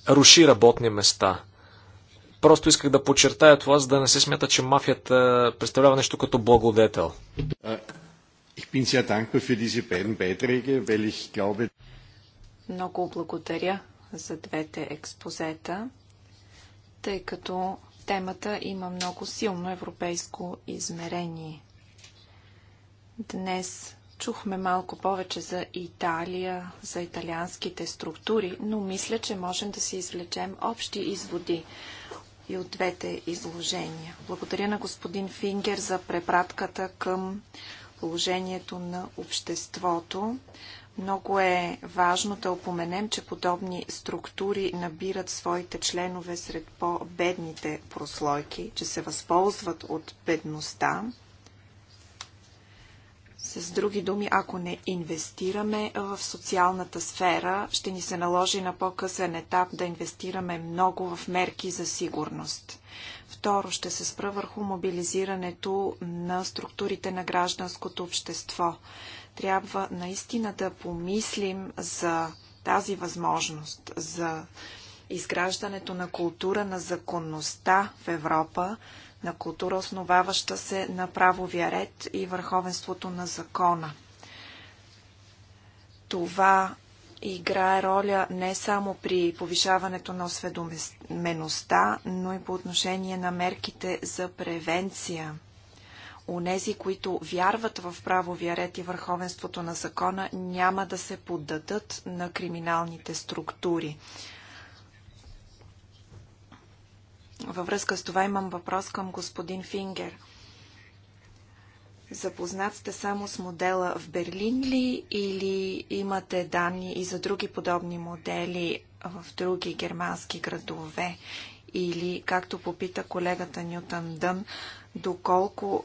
Руши работни места. Просто исках да подчертая това, за да не се смята, че мафията е, представлява нещо като благодетел. Много благодаря за двете експозета, тъй като темата има много силно европейско измерение. Днес чухме малко повече за Италия, за италианските структури, но мисля, че можем да си извлечем общи изводи и от двете изложения. Благодаря на господин Фингер за препратката към положението на обществото. Много е важно да опоменем, че подобни структури набират своите членове сред по-бедните прослойки, че се възползват от бедността. С други думи, ако не инвестираме в социалната сфера, ще ни се наложи на по-късен етап да инвестираме много в мерки за сигурност. Второ, ще се спра върху мобилизирането на структурите на гражданското общество. Трябва наистина да помислим за тази възможност за изграждането на култура на законността в Европа, на култура основаваща се на правовия ред и върховенството на закона. Това играе роля не само при повишаването на осведомеността, но и по отношение на мерките за превенция. Онези, които вярват в правовия ред и върховенството на закона, няма да се поддадат на криминалните структури. Във връзка с това имам въпрос към господин Фингер. Запознат сте само с модела в Берлин ли или имате данни и за други подобни модели в други германски градове? Или, както попита колегата Нютан Дън, доколко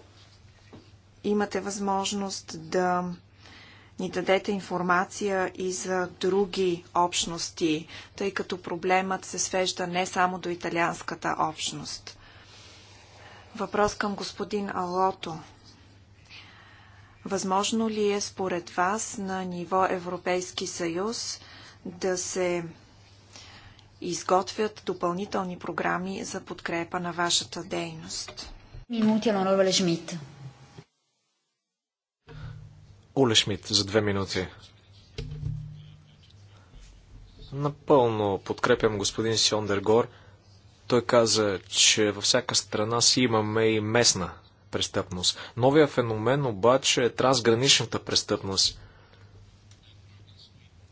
имате възможност да ни дадете информация и за други общности, тъй като проблемът се свежда не само до италианската общност. Въпрос към господин Алото. Възможно ли е според вас на ниво Европейски съюз да се изготвят допълнителни програми за подкрепа на вашата дейност? Минути, Шмидт. Оле Шмидт за две минути. Напълно подкрепям господин Сьондергор. Той каза, че във всяка страна си имаме и местна престъпност. Новия феномен обаче е трансграничната престъпност.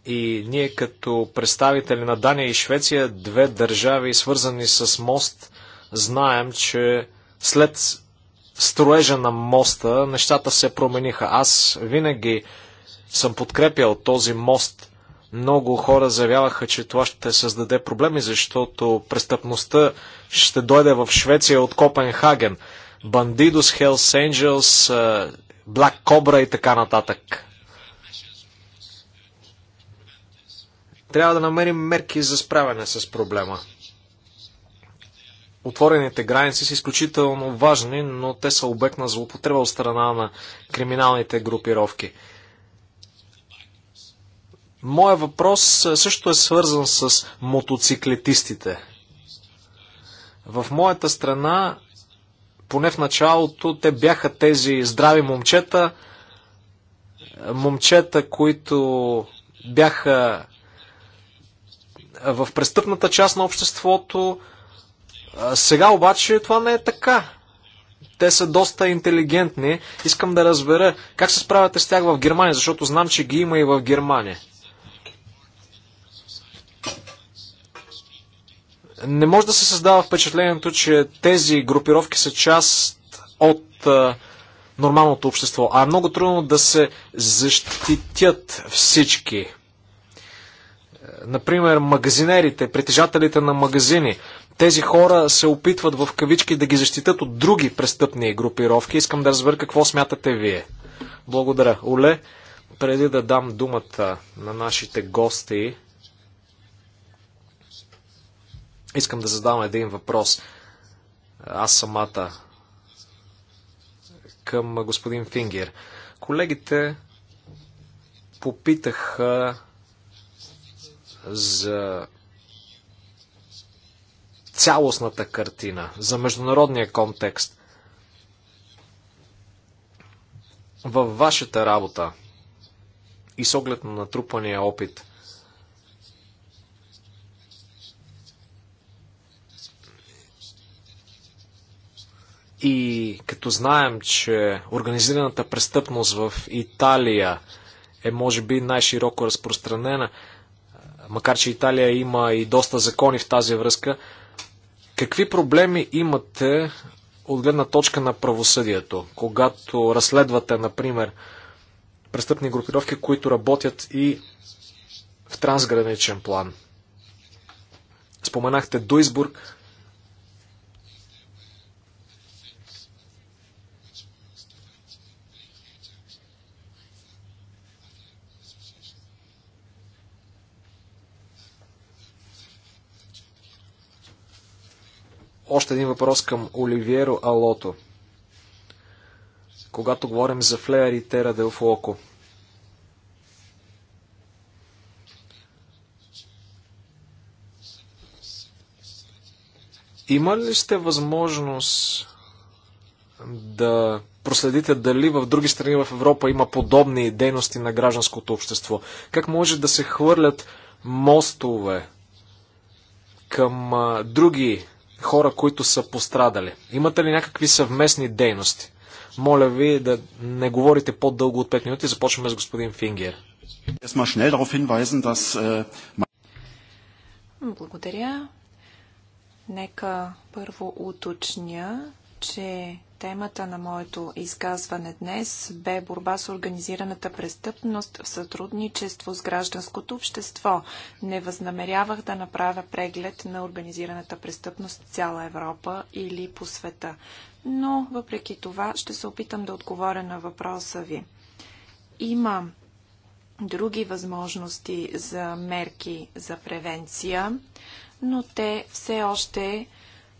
И ние като представители на Дания и Швеция, две държави свързани с мост, знаем, че след строежа на моста нещата се промениха. Аз винаги съм подкрепял този мост. Много хора заявяваха, че това ще създаде проблеми, защото престъпността ще дойде в Швеция от Копенхаген. Бандидос, Хелс Angels, Блак Кобра и така нататък. Трябва да намерим мерки за справяне с проблема отворените граници са изключително важни, но те са обект на злоупотреба от страна на криминалните групировки. Моя въпрос също е свързан с мотоциклетистите. В моята страна, поне в началото, те бяха тези здрави момчета, момчета, които бяха в престъпната част на обществото, сега обаче това не е така. Те са доста интелигентни. Искам да разбера как се справяте с тях в Германия, защото знам, че ги има и в Германия. Не може да се създава впечатлението, че тези групировки са част от а, нормалното общество, а е много трудно да се защитят всички. Е, например, магазинерите, притежателите на магазини тези хора се опитват в кавички да ги защитат от други престъпни групировки. Искам да разбера какво смятате вие. Благодаря. Оле, преди да дам думата на нашите гости, искам да задам един въпрос. Аз самата към господин Фингер. Колегите попитаха за цялостната картина, за международния контекст. Във вашата работа и с оглед на натрупания опит, и като знаем, че организираната престъпност в Италия е може би най-широко разпространена, макар че Италия има и доста закони в тази връзка, Какви проблеми имате от гледна точка на правосъдието, когато разследвате, например, престъпни групировки, които работят и в трансграничен план? Споменахте Дуйсбург. Още един въпрос към Оливиеро Алото. Когато говорим за Флеер и Тера Дел Фуоко. Има ли сте възможност да проследите дали в други страни в Европа има подобни дейности на гражданското общество? Как може да се хвърлят мостове към а, други хора, които са пострадали? Имате ли някакви съвместни дейности? Моля ви да не говорите по-дълго от 5 минути. Започваме с господин Фингер. Äh, Благодаря. Нека първо уточня, че Темата на моето изказване днес бе борба с организираната престъпност в сътрудничество с гражданското общество. Не възнамерявах да направя преглед на организираната престъпност в цяла Европа или по света. Но въпреки това ще се опитам да отговоря на въпроса ви. Има други възможности за мерки за превенция, но те все още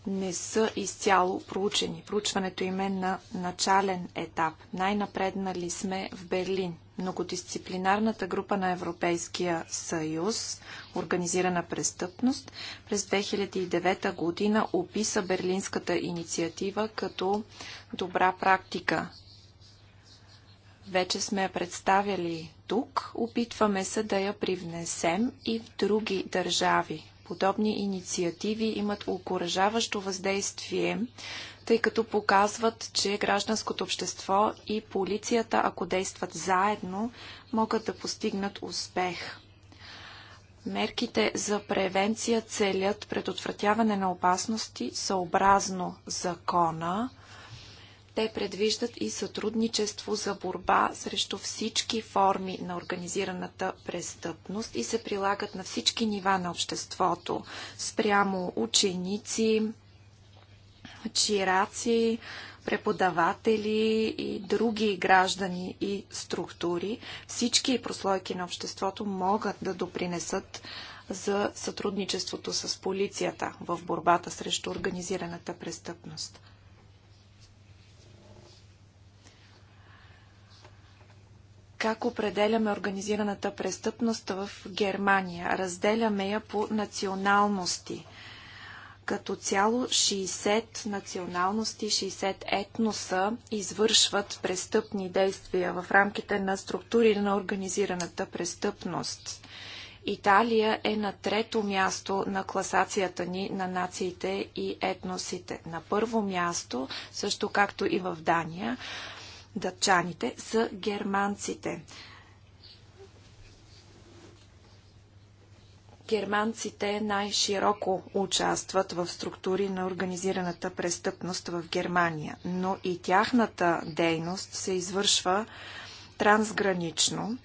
не са изцяло проучени. Проучването им е на начален етап. Най-напреднали сме в Берлин. Многодисциплинарната група на Европейския съюз, организирана престъпност, през 2009 година описа Берлинската инициатива като добра практика. Вече сме я представили тук, опитваме се да я привнесем и в други държави. Подобни инициативи имат окоръжаващо въздействие, тъй като показват, че гражданското общество и полицията, ако действат заедно, могат да постигнат успех. Мерките за превенция целят предотвратяване на опасности съобразно закона – те предвиждат и сътрудничество за борба срещу всички форми на организираната престъпност и се прилагат на всички нива на обществото, спрямо ученици, чираци, преподаватели и други граждани и структури. Всички прослойки на обществото могат да допринесат за сътрудничеството с полицията в борбата срещу организираната престъпност. как определяме организираната престъпност в Германия. Разделяме я по националности. Като цяло 60 националности, 60 етноса извършват престъпни действия в рамките на структури на организираната престъпност. Италия е на трето място на класацията ни на нациите и етносите. На първо място, също както и в Дания, датчаните са германците. Германците най-широко участват в структури на организираната престъпност в Германия, но и тяхната дейност се извършва трансгранично.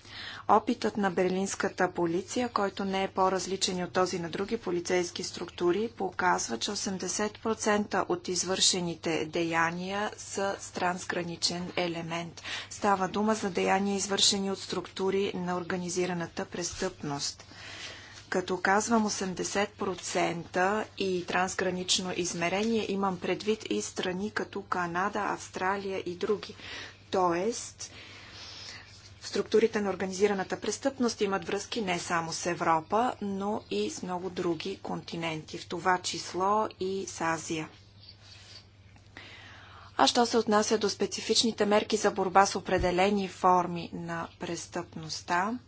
Опитът на берлинската полиция, който не е по-различен от този на други полицейски структури, показва, че 80% от извършените деяния са с трансграничен елемент. Става дума за деяния, извършени от структури на организираната престъпност. Като казвам 80% и трансгранично измерение, имам предвид и страни като Канада, Австралия и други. Тоест, Структурите на организираната престъпност имат връзки не само с Европа, но и с много други континенти, в това число и с Азия. А що се отнася до специфичните мерки за борба с определени форми на престъпността,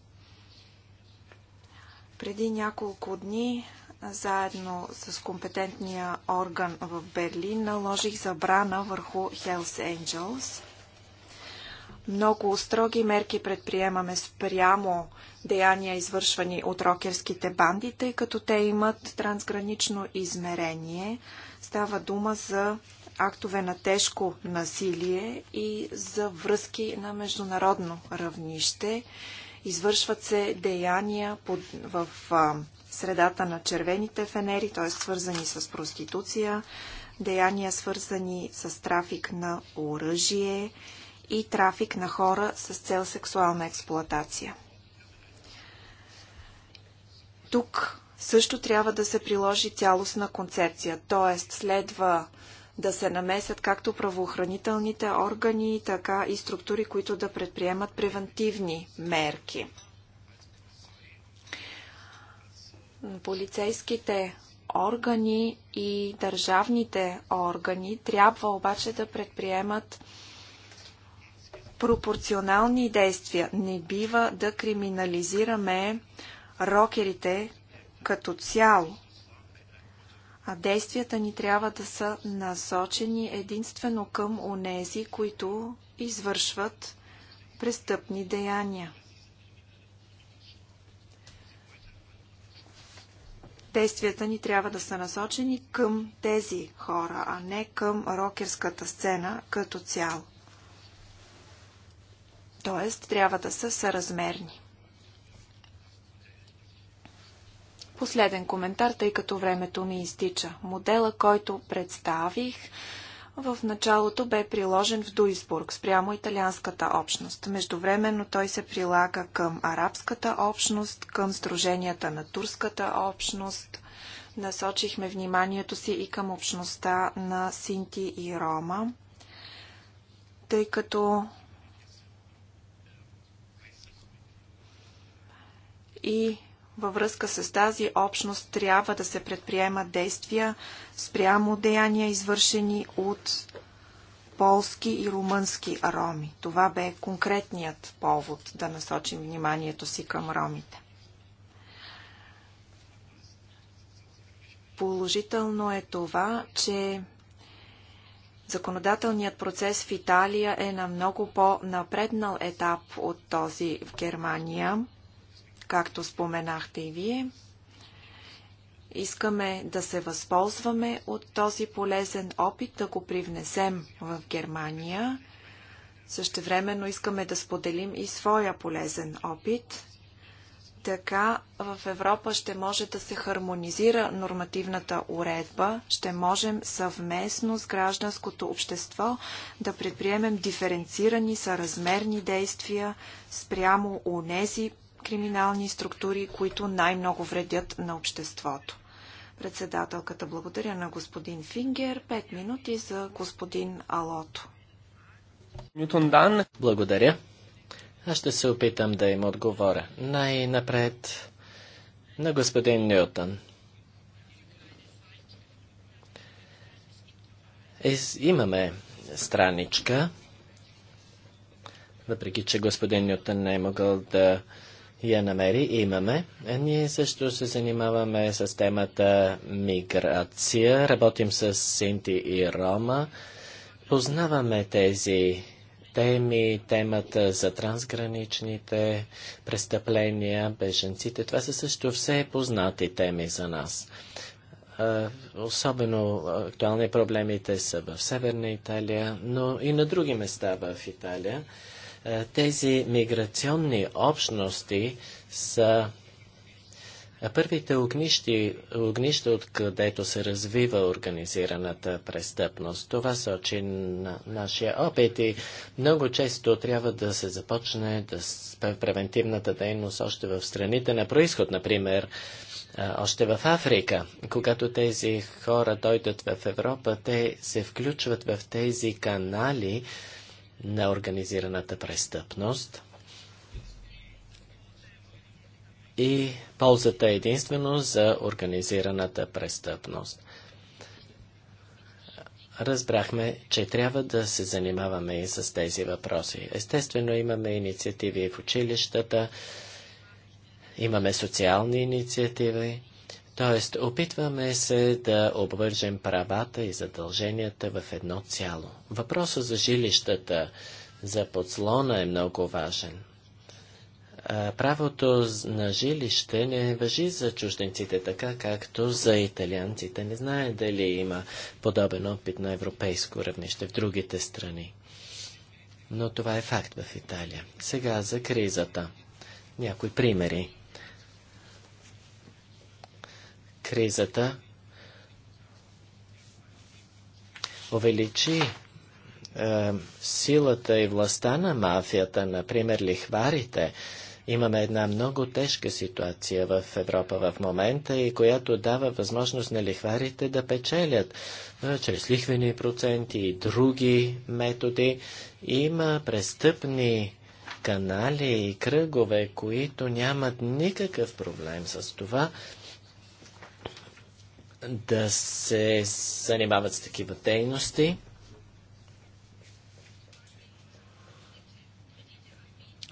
преди няколко дни заедно с компетентния орган в Берлин наложих забрана върху Hells Angels – много строги мерки предприемаме спрямо деяния, извършвани от рокерските банди, тъй като те имат трансгранично измерение. Става дума за актове на тежко насилие и за връзки на международно равнище. Извършват се деяния под, в в средата на червените фенери, т.е. свързани с проституция, деяния свързани с трафик на оръжие и трафик на хора с цел сексуална експлоатация. Тук също трябва да се приложи цялостна концепция, т.е. следва да се намесят както правоохранителните органи, така и структури, които да предприемат превентивни мерки. Полицейските органи и държавните органи трябва обаче да предприемат пропорционални действия. Не бива да криминализираме рокерите като цяло. А действията ни трябва да са насочени единствено към онези, които извършват престъпни деяния. Действията ни трябва да са насочени към тези хора, а не към рокерската сцена като цяло т.е. трябва да са съразмерни. Последен коментар, тъй като времето ми изтича. Модела, който представих в началото бе приложен в Дуисбург спрямо италианската общност. Междувременно той се прилага към арабската общност, към сдруженията на турската общност. Насочихме вниманието си и към общността на синти и рома, тъй като и във връзка с тази общност трябва да се предприемат действия спрямо деяния, извършени от полски и румънски роми. Това бе конкретният повод да насочим вниманието си към ромите. Положително е това, че законодателният процес в Италия е на много по-напреднал етап от този в Германия – както споменахте и вие. Искаме да се възползваме от този полезен опит, да го привнесем в Германия. Същевременно искаме да споделим и своя полезен опит. Така в Европа ще може да се хармонизира нормативната уредба, ще можем съвместно с гражданското общество да предприемем диференцирани съразмерни действия спрямо унези криминални структури, които най-много вредят на обществото. Председателката благодаря на господин Фингер. Пет минути за господин Алото. Благодаря. Аз ще се опитам да им отговоря. Най-напред на господин Нютон. Из, имаме страничка, въпреки че господин Нютон не е могъл да я намери, имаме. Е, ние също се занимаваме с темата миграция. Работим с Синти и Рома. Познаваме тези теми, темата за трансграничните престъпления, беженците. Това са също все познати теми за нас. Е, особено актуални проблемите са в Северна Италия, но и на други места в Италия. Е, тези миграционни общности са е, първите огнищи, огнища, откъдето се развива организираната престъпност. Това сочи на нашия опит и много често трябва да се започне да с превентивната дейност още в страните на происход, например, е, още в Африка. Когато тези хора дойдат в Европа, те се включват в тези канали, на организираната престъпност. И ползата е единствено за организираната престъпност. Разбрахме, че трябва да се занимаваме и с тези въпроси. Естествено, имаме инициативи в училищата, имаме социални инициативи, Тоест, опитваме се да обвържем правата и задълженията в едно цяло. Въпросът за жилищата, за подслона е много важен. Правото на жилище не въжи за чужденците така, както за италианците. Не знае дали има подобен опит на европейско равнище в другите страни. Но това е факт в Италия. Сега за кризата. Някои примери кризата увеличи е, силата и властта на мафията, например лихварите. Имаме една много тежка ситуация в Европа в момента и която дава възможност на лихварите да печелят е, чрез лихвени проценти и други методи. Има престъпни канали и кръгове, които нямат никакъв проблем с това да се занимават с такива дейности.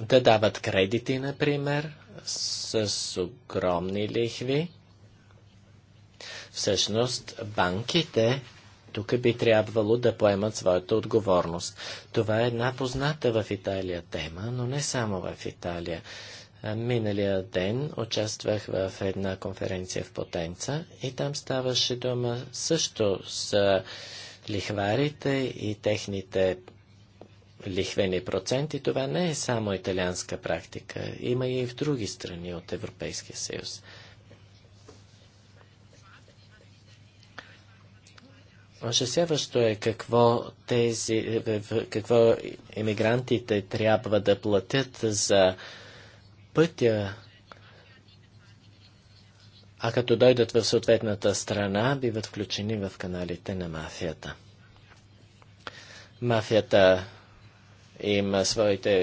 Да дават кредити, например, с огромни лихви. Всъщност, банките тук би трябвало да поемат своята отговорност. Това е една позната в Италия тема, но не само в Италия. Миналия ден участвах в една конференция в Потенца и там ставаше дума също с лихварите и техните лихвени проценти. Това не е само италианска практика. Има и в други страни от Европейския съюз. Ожасяващо е какво тези, какво иммигрантите трябва да платят за пътя, а като дойдат в съответната страна, биват включени в каналите на мафията. Мафията има своите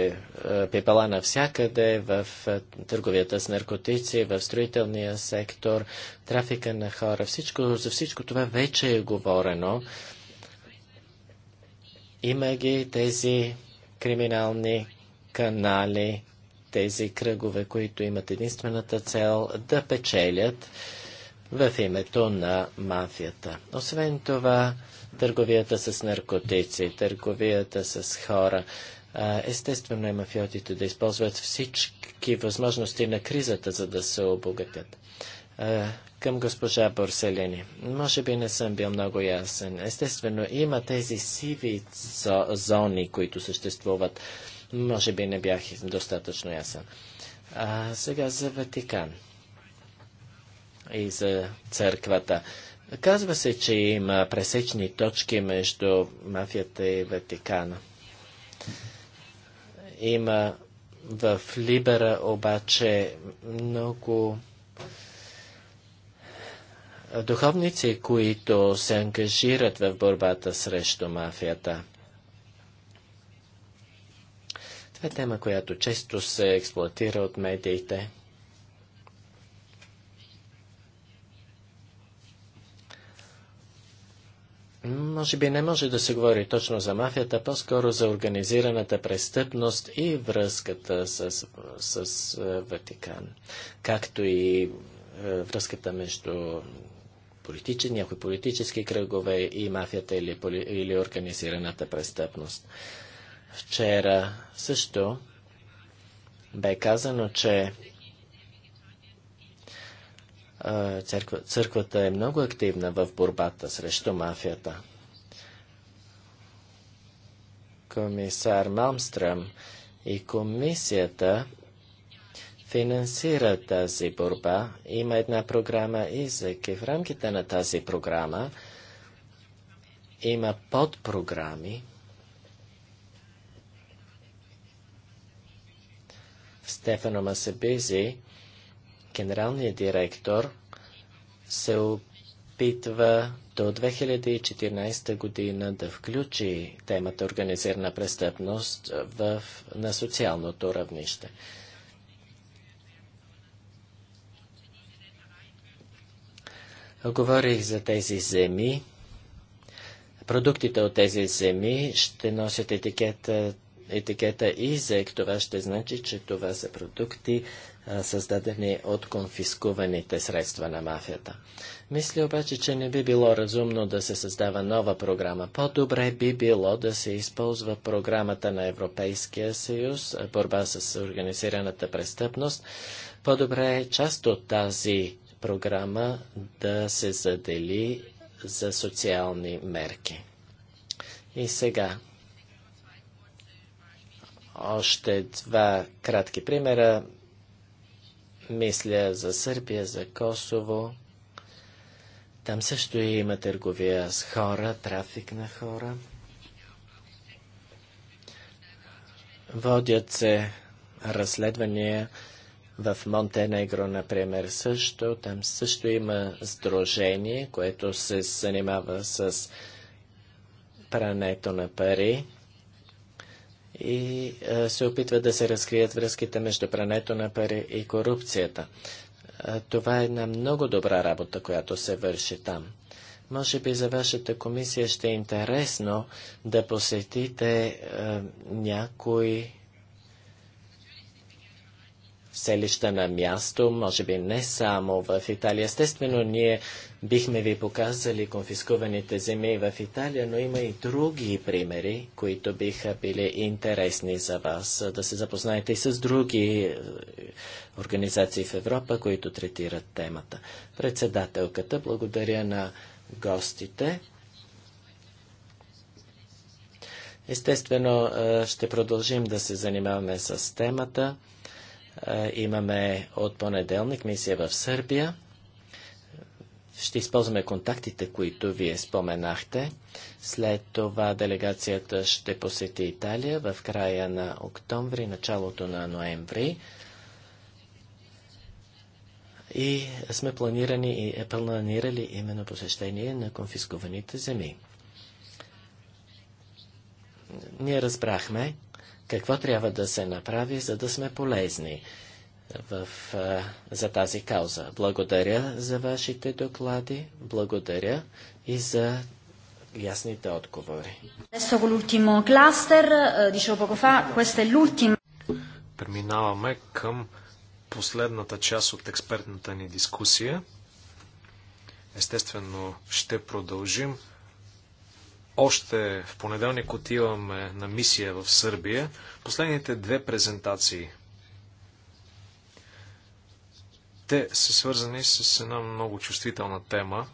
е, пепела навсякъде, в е, търговията с наркотици, в строителния сектор, трафика на хора. Всичко, за всичко това вече е говорено. Има ги тези криминални канали, тези кръгове, които имат единствената цел да печелят в името на мафията. Освен това, търговията с наркотици, търговията с хора, естествено е мафиотите да използват всички възможности на кризата, за да се обогатят. Към госпожа Борселини. Може би не съм бил много ясен. Естествено, има тези сиви зони, които съществуват. Може би не бях достатъчно ясен. А, сега за Ватикан и за църквата. Казва се, че има пресечни точки между мафията и Ватикана. Има в Либера обаче много духовници, които се ангажират в борбата срещу мафията. Това е тема, която често се експлуатира от медиите. Може би не може да се говори точно за мафията, по-скоро за организираната престъпност и връзката с, с, с е, Ватикан, както и е, връзката между политичен, някои политически кръгове и мафията или, или организираната престъпност. Вчера също бе казано, че църква, църквата е много активна в борбата срещу мафията. Комисар Малмстръм и комисията финансира тази борба. Има една програма ИЗЕК и в рамките на тази програма има подпрограми, Стефано Масебези, генералният директор, се опитва до 2014 година да включи темата организирана престъпност в, на социалното равнище. Говорих за тези земи. Продуктите от тези земи ще носят етикета етикета ИЗЕК, това ще значи, че това са продукти, създадени от конфискуваните средства на мафията. Мисля обаче, че не би било разумно да се създава нова програма. По-добре би било да се използва програмата на Европейския съюз, борба с организираната престъпност. По-добре е част от тази програма да се задели за социални мерки. И сега още два кратки примера. Мисля за Сърбия, за Косово. Там също има търговия с хора, трафик на хора. Водят се разследвания в Монтенегро, например, също. Там също има сдружение, което се занимава с прането на пари и е, се опитват да се разкрият връзките между прането на пари и корупцията. Е, това е една много добра работа, която се върши там. Може би за вашата комисия ще е интересно да посетите е, някои селища на място, може би не само в Италия. Естествено, ние бихме ви показали конфискуваните земи в Италия, но има и други примери, които биха били интересни за вас. Да се запознаете и с други е, организации в Европа, които третират темата. Председателката, благодаря на гостите. Естествено, е, ще продължим да се занимаваме с темата. Имаме от понеделник мисия в Сърбия. Ще използваме контактите, които вие споменахте. След това делегацията ще посети Италия в края на октомври, началото на ноември. И сме планирани и е планирали именно посещение на конфискованите земи. Ние разбрахме, какво трябва да се направи, за да сме полезни в, а, за тази кауза. Благодаря за вашите доклади, благодаря и за ясните отговори. Eh, Преминаваме към последната част от експертната ни дискусия. Естествено, ще продължим още в понеделник отиваме на мисия в Сърбия. Последните две презентации. Те са свързани с една много чувствителна тема.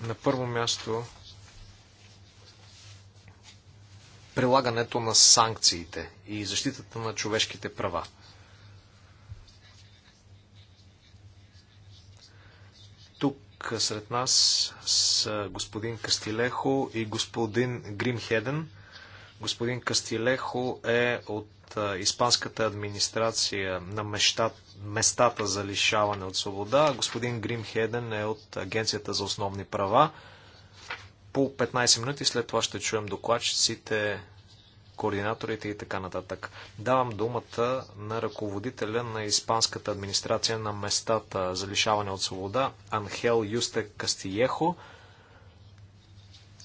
На първо място прилагането на санкциите и защитата на човешките права. Тук сред нас са господин Кастилехо и господин Гримхеден. Господин Кастилехо е от Испанската администрация на местата за лишаване от свобода, господин Гримхеден е от Агенцията за основни права. По 15 минути след това ще чуем докладчиците координаторите и така нататък. Давам думата на ръководителя на Испанската администрация на местата за лишаване от свобода, Анхел Юсте Кастиехо.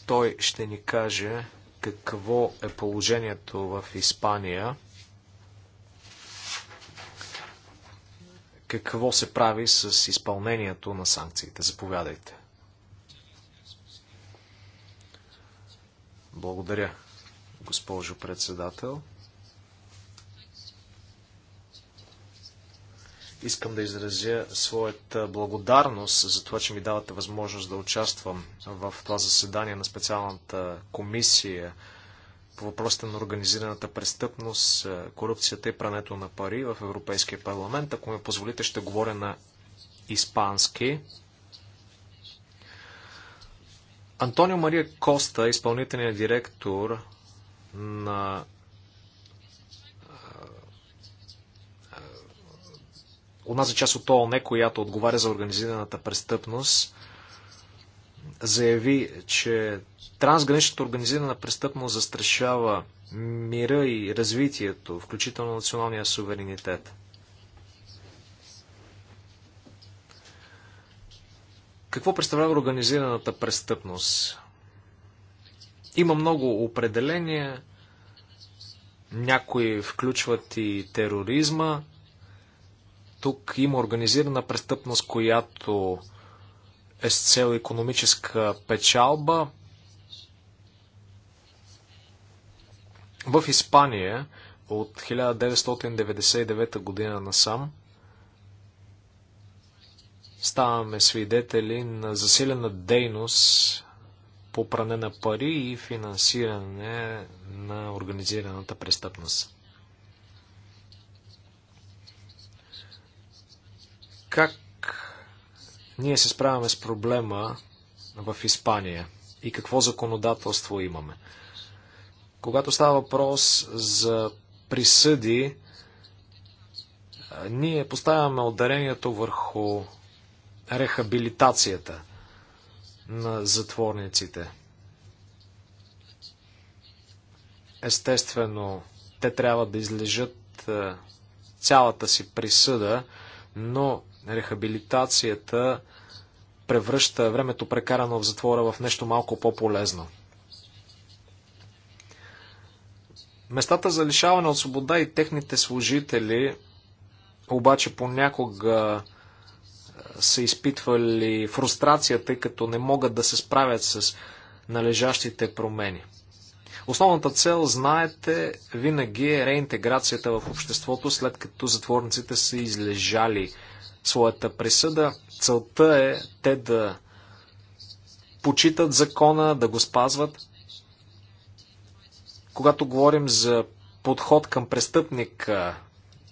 Той ще ни каже какво е положението в Испания, какво се прави с изпълнението на санкциите. Заповядайте. Благодаря, госпожо председател. Искам да изразя своята благодарност за това, че ми давате възможност да участвам в това заседание на специалната комисия по въпросите на организираната престъпност, е, корупцията и прането на пари в Европейския парламент. Ако ми позволите, ще говоря на испански. Антонио Мария Коста, изпълнителният директор на онази част от ООН, която отговаря за организираната престъпност, заяви, че трансграничната организирана престъпност застрашава мира и развитието, включително националния суверенитет. Какво представлява организираната престъпност? Има много определения. Някои включват и тероризма. Тук има организирана престъпност, която е с цел економическа печалба. В Испания от 1999 година насам ставаме свидетели на засилена дейност по пране на пари и финансиране на организираната престъпност. Как ние се справяме с проблема в Испания и какво законодателство имаме? Когато става въпрос за присъди, ние поставяме ударението върху рехабилитацията – на затворниците. Естествено, те трябва да излежат е, цялата си присъда, но рехабилитацията превръща времето прекарано в затвора в нещо малко по-полезно. Местата за лишаване от свобода и техните служители обаче понякога са изпитвали фрустрация, тъй като не могат да се справят с належащите промени. Основната цел, знаете, винаги е реинтеграцията в обществото, след като затворниците са излежали своята присъда. Целта е те да почитат закона, да го спазват. Когато говорим за подход към престъпника,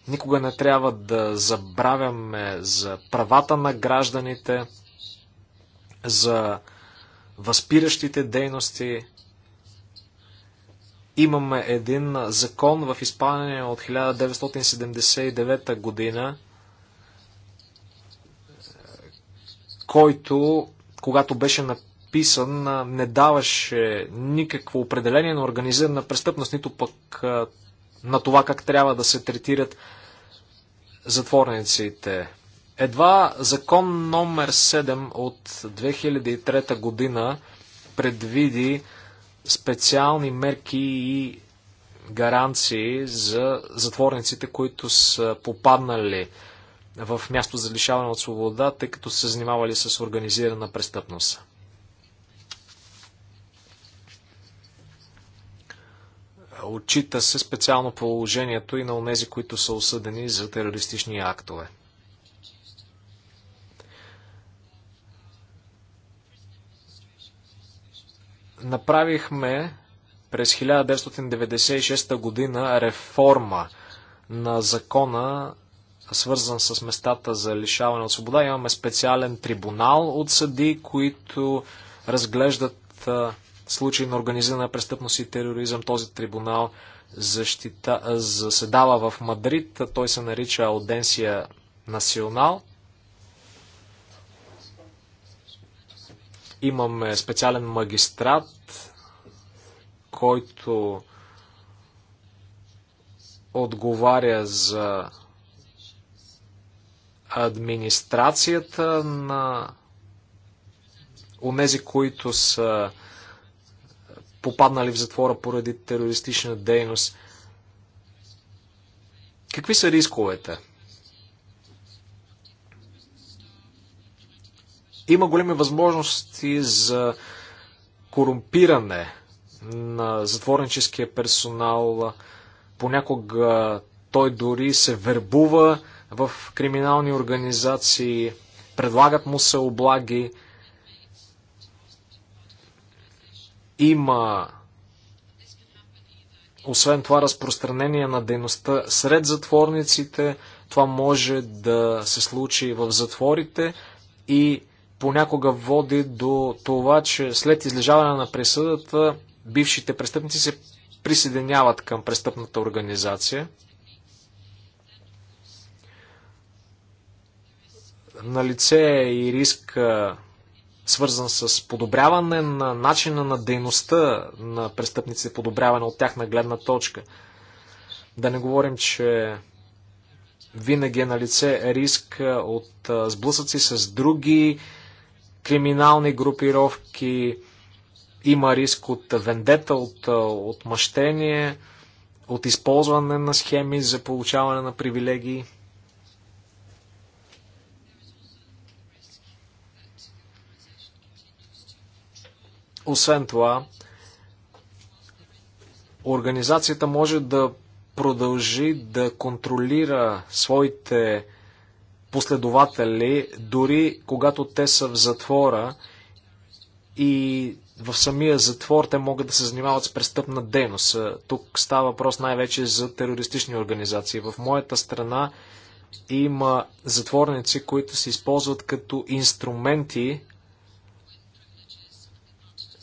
Никога не трябва да забравяме за правата на гражданите, за възпиращите дейности. Имаме един закон в Испания от 1979 година, който, когато беше написан, не даваше никакво определение на организирана престъпност, нито пък на това как трябва да се третират затворниците. Едва закон номер 7 от 2003 година предвиди специални мерки и гаранции за затворниците, които са попаднали в място за лишаване от свобода, тъй като са занимавали с организирана престъпност. Отчита се специално положението и на онези, които са осъдени за терористични актове. Направихме през 1996 година реформа на закона, свързан с местата за лишаване от свобода. Имаме специален трибунал от съди, които разглеждат случаи на организирана престъпност и тероризъм. Този трибунал защита, заседава в Мадрид. Той се нарича Ауденсия Национал. Имаме специален магистрат, който отговаря за администрацията на унези, които са попаднали в затвора поради терористична дейност. Какви са рисковете? Има големи възможности за корумпиране на затворническия персонал. Понякога той дори се вербува в криминални организации, предлагат му се облаги. Има освен това разпространение на дейността сред затворниците, това може да се случи в затворите и понякога води до това, че след излежаване на присъдата бившите престъпници се присъединяват към престъпната организация. На лице е и риск свързан с подобряване на начина на дейността на престъпници, подобряване от тях на гледна точка. Да не говорим, че винаги е на лице риск е, от е, сблъсъци с други криминални групировки, има риск от вендета, от е, отмъщение, от използване на схеми за получаване на привилегии – Освен това, организацията може да продължи да контролира своите последователи, дори когато те са в затвора и в самия затвор те могат да се занимават с престъпна дейност. Тук става въпрос най-вече за терористични организации. В моята страна има затворници, които се използват като инструменти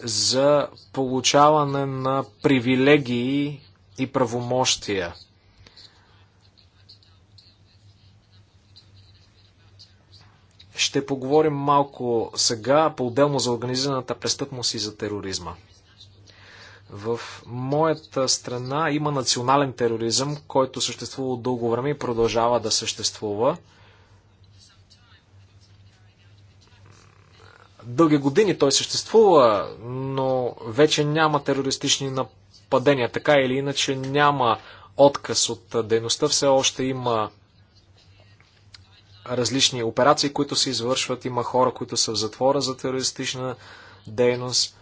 за получаване на привилегии и правомощия. Ще поговорим малко сега по-отделно за организираната престъпност и за тероризма. В моята страна има национален тероризъм, който съществува от дълго време и продължава да съществува. Дълги години той съществува, но вече няма терористични нападения. Така или иначе няма отказ от дейността. Все още има различни операции, които се извършват. Има хора, които са в затвора за терористична дейност.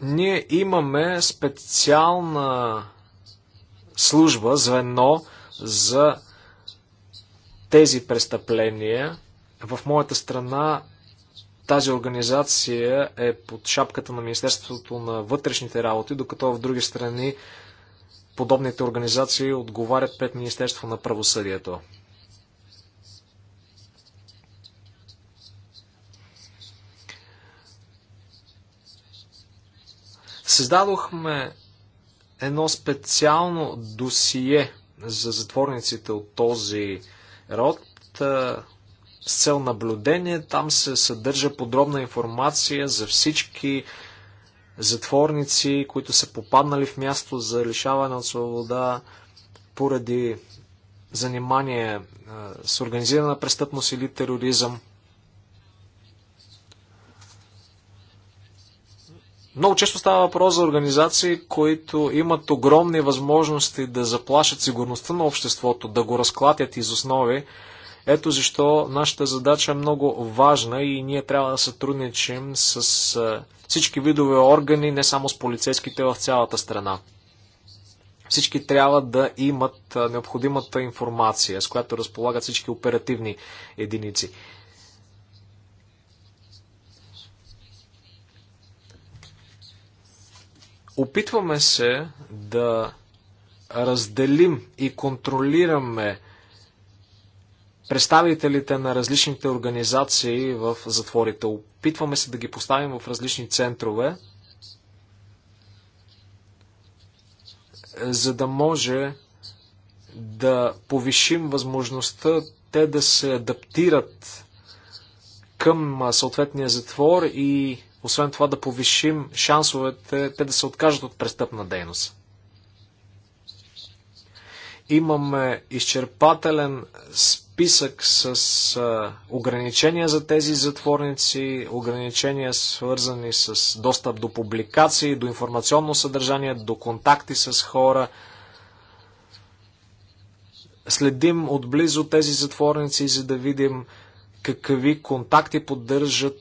Ние имаме специална служба, звено за тези престъпления. В моята страна тази организация е под шапката на Министерството на вътрешните работи, докато в други страни подобните организации отговарят пред Министерство на правосъдието. Създадохме едно специално досие за затворниците от този род с цел наблюдение. Там се съдържа подробна информация за всички затворници, които са попаднали в място за лишаване от свобода поради занимание с организирана престъпност или тероризъм. Много често става въпрос за организации, които имат огромни възможности да заплашат сигурността на обществото, да го разклатят из основи. Ето защо нашата задача е много важна и ние трябва да сътрудничим с всички видове органи, не само с полицейските в цялата страна. Всички трябва да имат необходимата информация, с която разполагат всички оперативни единици. Опитваме се да разделим и контролираме представителите на различните организации в затворите. Опитваме се да ги поставим в различни центрове, за да може да повишим възможността те да се адаптират към съответния затвор и освен това да повишим шансовете те да се откажат от престъпна дейност. Имаме изчерпателен списък с ограничения за тези затворници, ограничения свързани с достъп до публикации, до информационно съдържание, до контакти с хора, следим отблизо тези затворници, за да видим какви контакти поддържат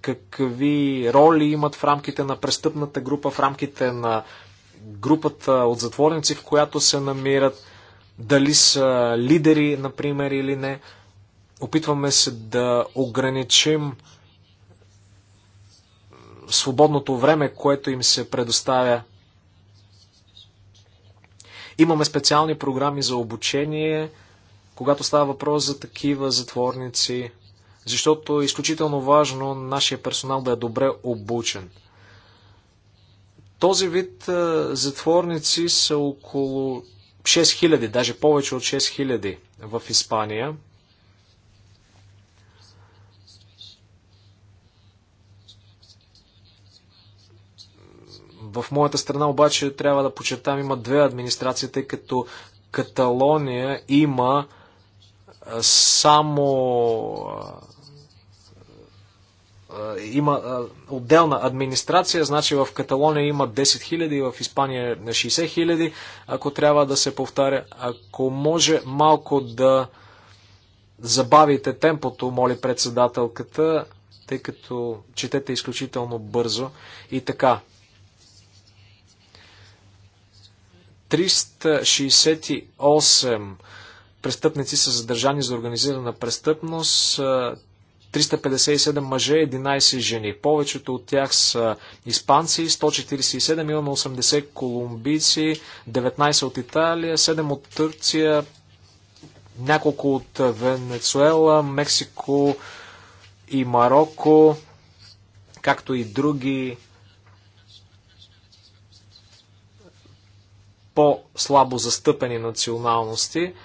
какви роли имат в рамките на престъпната група, в рамките на групата от затворници, в която се намират, дали са лидери, например, или не. Опитваме се да ограничим свободното време, което им се предоставя. Имаме специални програми за обучение, когато става въпрос за такива затворници защото е изключително важно нашия персонал да е добре обучен. Този вид е, затворници са около 6000, даже повече от 6000 в Испания. В моята страна обаче трябва да почертам има две администрации, тъй като Каталония има само има отделна администрация, значи в Каталония има 10 000, в Испания на 60 000, ако трябва да се повтаря. Ако може малко да забавите темпото, моли председателката, тъй като четете изключително бързо. И така. 368 престъпници са задържани за организирана престъпност. 357 е, мъже, 11 жени. Повечето от тях са испанци, 147 имаме 80 колумбийци, 19 от Италия, 7 от Турция, няколко от Венецуела, Мексико и Марокко, както и други по-слабо застъпени националности –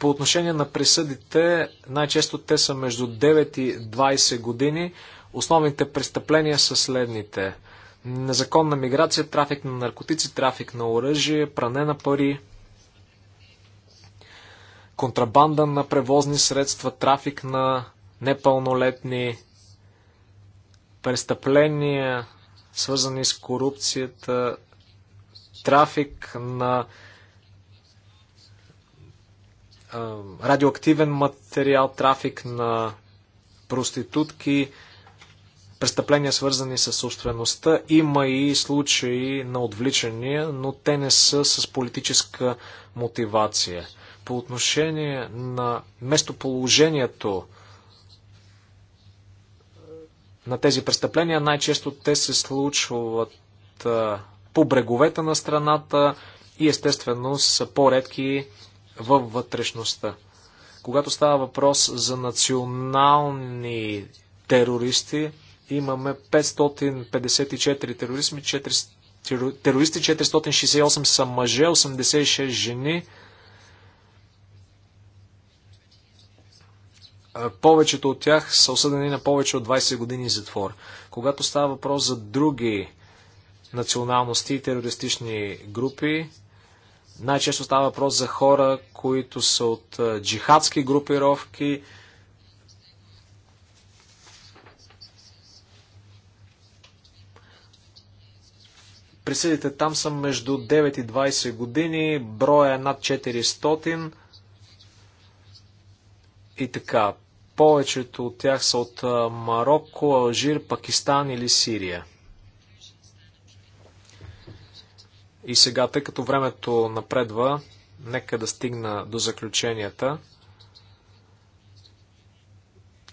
По отношение на присъдите, най-често те са между 9 и 20 години. Основните престъпления са следните. Незаконна миграция, трафик на наркотици, трафик на оръжие, пране на пари, контрабанда на превозни средства, трафик на непълнолетни, престъпления, свързани с корупцията, трафик на радиоактивен материал, трафик на проститутки, престъпления свързани с собствеността. Има и случаи на отвличания, но те не са с политическа мотивация. По отношение на местоположението на тези престъпления, най-често те се случват по бреговете на страната и естествено са по-редки във вътрешността. Когато става въпрос за национални терористи, имаме 554 терористи, 4, терористи, 468 са мъже, 86 жени. Повечето от тях са осъдени на повече от 20 години затвор. Когато става въпрос за други националности и терористични групи, най-често става въпрос за хора, които са от джихадски групировки. Присъдите там са между 9 и 20 години, броя е над 400 и така. Повечето от тях са от Марокко, Алжир, Пакистан или Сирия. И сега, тъй като времето напредва, нека да стигна до заключенията.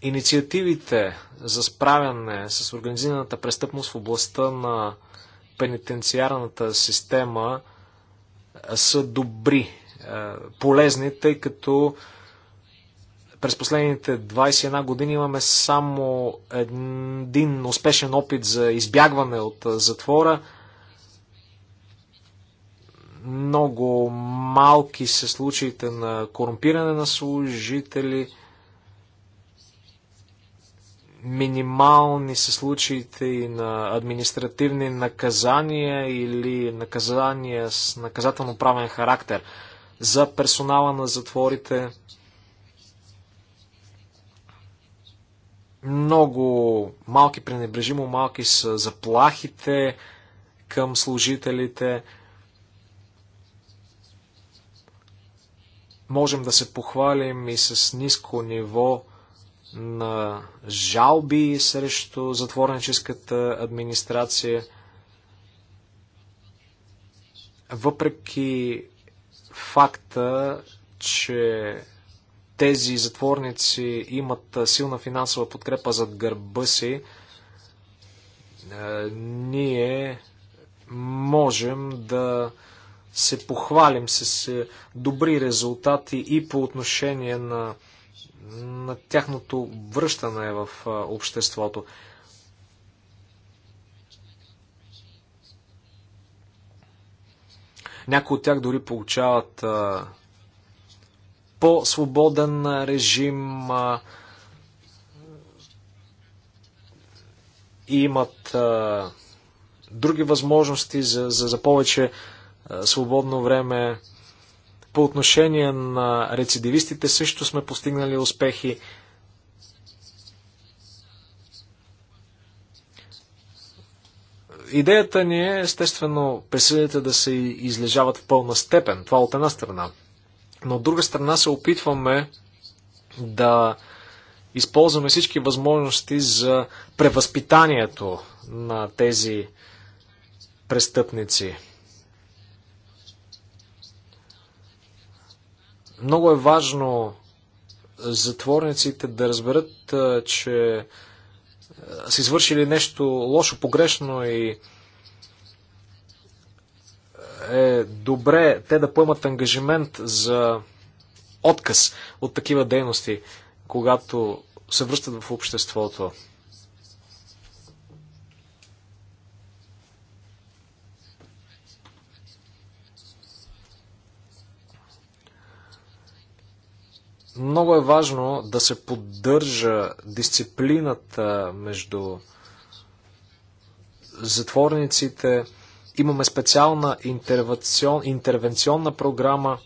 Инициативите за справяне с организираната престъпност в областта на пенитенциарната система са добри, полезни, тъй като през последните 21 години имаме само един успешен опит за избягване от затвора – много малки са случаите на корумпиране на служители. Минимални са случаите и на административни наказания или наказания с наказателно-правен характер за персонала на затворите. много малки, пренебрежимо малки са заплахите към служителите. Можем да се похвалим и с ниско ниво на жалби срещу затворническата администрация. Въпреки факта, че тези затворници имат силна финансова подкрепа зад гърба си, е, ние можем да се похвалим с е, добри резултати и по отношение на, на тяхното връщане в е, обществото. Някои от тях дори получават е, по-свободен режим а, и имат а, други възможности за, за, за повече свободно време. По отношение на рецидивистите също сме постигнали успехи. Идеята ни е, естествено, присъдите да се излежават в пълна степен. Това е от една страна. Но от друга страна се опитваме да използваме всички възможности за превъзпитанието на тези престъпници. Много е важно затворниците да разберат, че са извършили нещо лошо, погрешно и е добре те да поемат ангажимент за отказ от такива дейности, когато се връщат в обществото. Много е важно да се поддържа дисциплината между затворниците. Имаме специална интервенцион, интервенционна програма,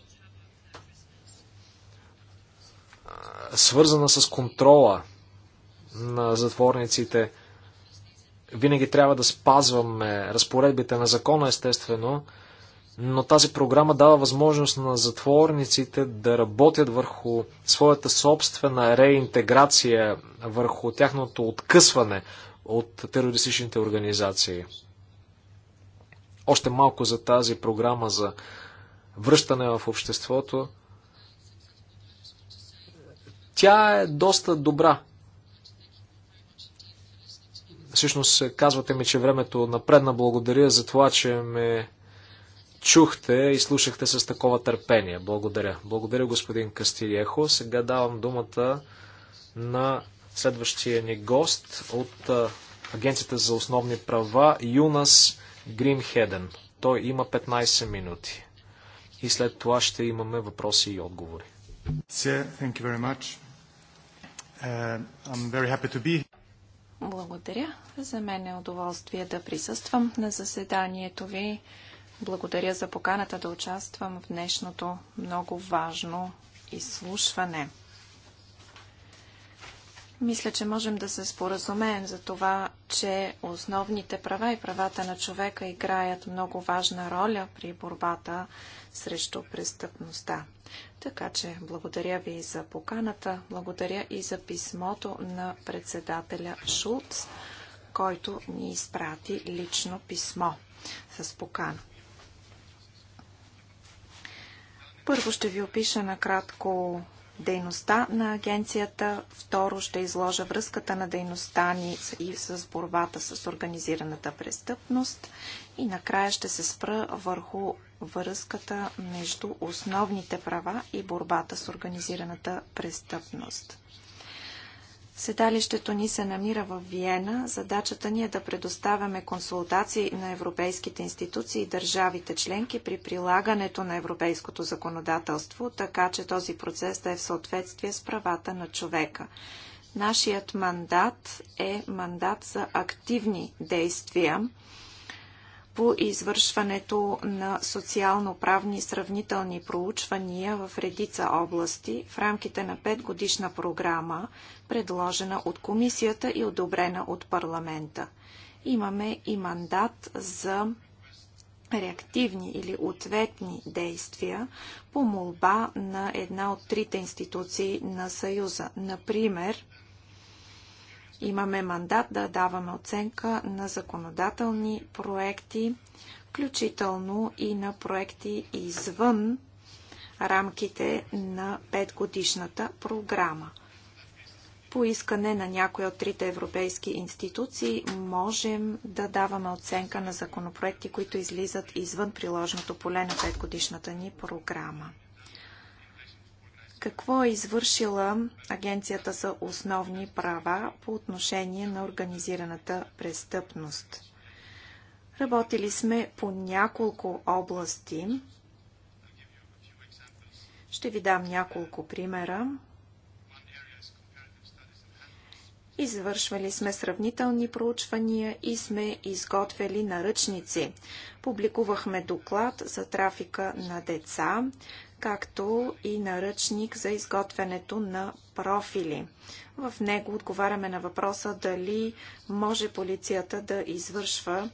свързана с контрола на затворниците. Винаги трябва да спазваме разпоредбите на закона, естествено, но тази програма дава възможност на затворниците да работят върху своята собствена реинтеграция, върху тяхното откъсване от терористичните организации. Още малко за тази програма за връщане в обществото. Тя е доста добра. Всъщност казвате ми, че времето напредна. Благодаря за това, че ме чухте и слушахте с такова търпение. Благодаря. Благодаря, господин Кастилиехо. Сега давам думата на следващия ни гост от Агенцията за основни права Юнас Гримхеден. Той има 15 минути. И след това ще имаме въпроси и отговори. Uh, Благодаря. За мен е удоволствие да присъствам на заседанието ви благодаря за поканата да участвам в днешното много важно изслушване. Мисля, че можем да се споразумеем за това, че основните права и правата на човека играят много важна роля при борбата срещу престъпността. Така че благодаря ви за поканата, благодаря и за писмото на председателя Шулц, който ни изпрати лично писмо с покана. Първо ще ви опиша накратко дейността на агенцията. Второ ще изложа връзката на дейността ни и с борбата с организираната престъпност. И накрая ще се спра върху връзката между основните права и борбата с организираната престъпност. Седалището ни се намира в Виена. Задачата ни е да предоставяме консултации на европейските институции и държавите членки при прилагането на европейското законодателство, така че този процес да е в съответствие с правата на човека. Нашият мандат е мандат за активни действия по извършването на социално-правни сравнителни проучвания в редица области в рамките на 5-годишна програма, предложена от комисията и одобрена от парламента. Имаме и мандат за реактивни или ответни действия по молба на една от трите институции на Съюза. Например, Имаме мандат да даваме оценка на законодателни проекти, включително и на проекти извън рамките на 5-годишната програма. По искане на някои от трите европейски институции можем да даваме оценка на законопроекти, които излизат извън приложното поле на 5-годишната ни програма. Какво е извършила Агенцията за основни права по отношение на организираната престъпност? Работили сме по няколко области. Ще ви дам няколко примера. Извършвали сме сравнителни проучвания и сме изготвили наръчници. Публикувахме доклад за трафика на деца както и наръчник за изготвянето на профили. В него отговаряме на въпроса дали може полицията да извършва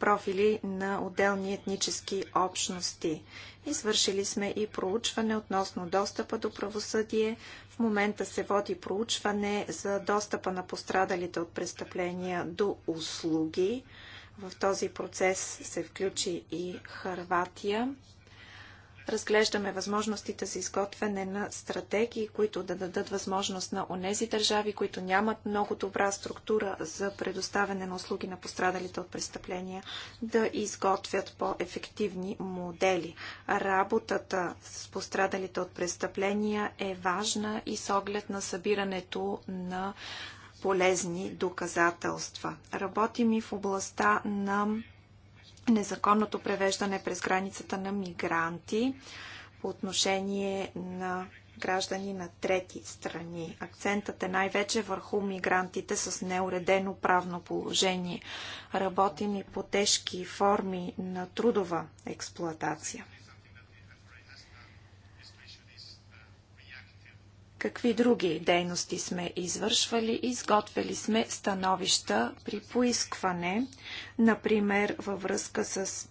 профили на отделни етнически общности. Извършили сме и проучване относно достъпа до правосъдие. В момента се води проучване за достъпа на пострадалите от престъпления до услуги. В този процес се включи и Харватия. Разглеждаме възможностите за изготвяне на стратегии, които да дадат възможност на онези държави, които нямат много добра структура за предоставяне на услуги на пострадалите от престъпления, да изготвят по-ефективни модели. Работата с пострадалите от престъпления е важна и с оглед на събирането на полезни доказателства. Работим и в областта на незаконното превеждане през границата на мигранти по отношение на граждани на трети страни. Акцентът е най-вече върху мигрантите с неуредено правно положение. Работим и по тежки форми на трудова експлоатация. какви други дейности сме извършвали. Изготвили сме становища при поискване, например във връзка с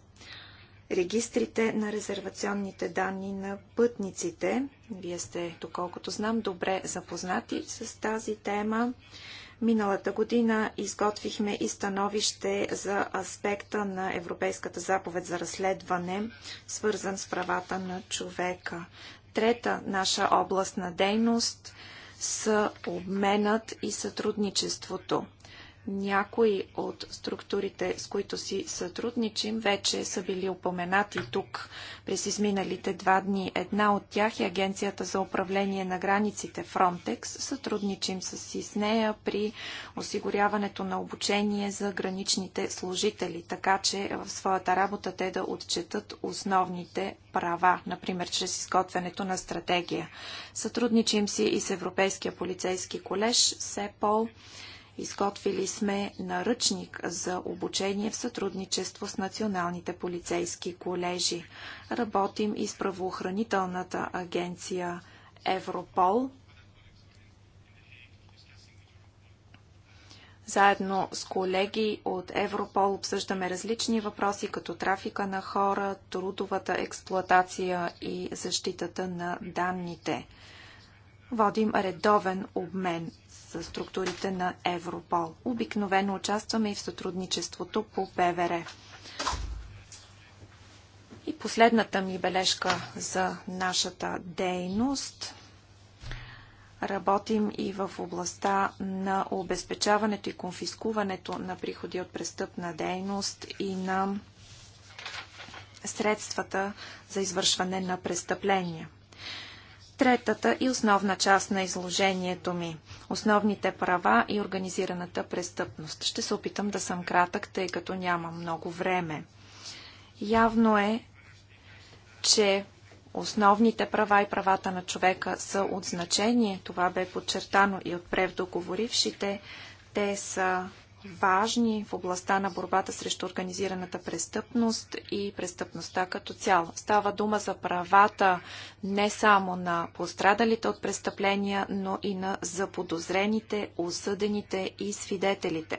регистрите на резервационните данни на пътниците. Вие сте, доколкото знам, добре запознати с тази тема. Миналата година изготвихме и становище за аспекта на Европейската заповед за разследване, свързан с правата на човека. Трета наша област на дейност са обменът и сътрудничеството. Някои от структурите, с които си сътрудничим, вече са били упоменати тук през изминалите два дни. Една от тях е Агенцията за управление на границите Frontex. Сътрудничим с нея при осигуряването на обучение за граничните служители, така че в своята работа те да отчетат основните права, например чрез изготвянето на стратегия. Сътрудничим си и с Европейския полицейски колеж, СЕПОЛ, Изготвили сме наръчник за обучение в сътрудничество с националните полицейски колежи. Работим и с правоохранителната агенция Европол. Заедно с колеги от Европол обсъждаме различни въпроси, като трафика на хора, трудовата експлоатация и защитата на данните. Водим редовен обмен структурите на Европол. Обикновено участваме и в сътрудничеството по ПВР. И последната ми бележка за нашата дейност. Работим и в областта на обезпечаването и конфискуването на приходи от престъпна дейност и на средствата за извършване на престъпления третата и основна част на изложението ми – основните права и организираната престъпност. Ще се опитам да съм кратък, тъй като няма много време. Явно е, че основните права и правата на човека са от значение. Това бе подчертано и от превдоговорившите. Те са важни в областта на борбата срещу организираната престъпност и престъпността като цяло. Става дума за правата не само на пострадалите от престъпления, но и на заподозрените, осъдените и свидетелите.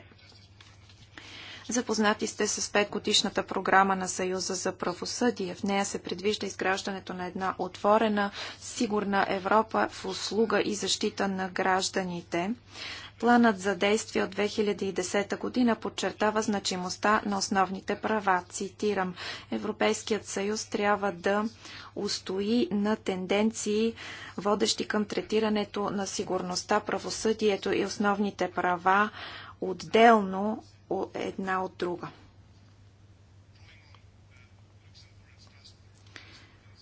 Запознати сте с 5-годишната програма на Съюза за правосъдие. В нея се предвижда изграждането на една отворена, сигурна Европа в услуга и защита на гражданите. Планът за действие от 2010 година подчертава значимостта на основните права. Цитирам, Европейският съюз трябва да устои на тенденции, водещи към третирането на сигурността, правосъдието и основните права отделно една от друга.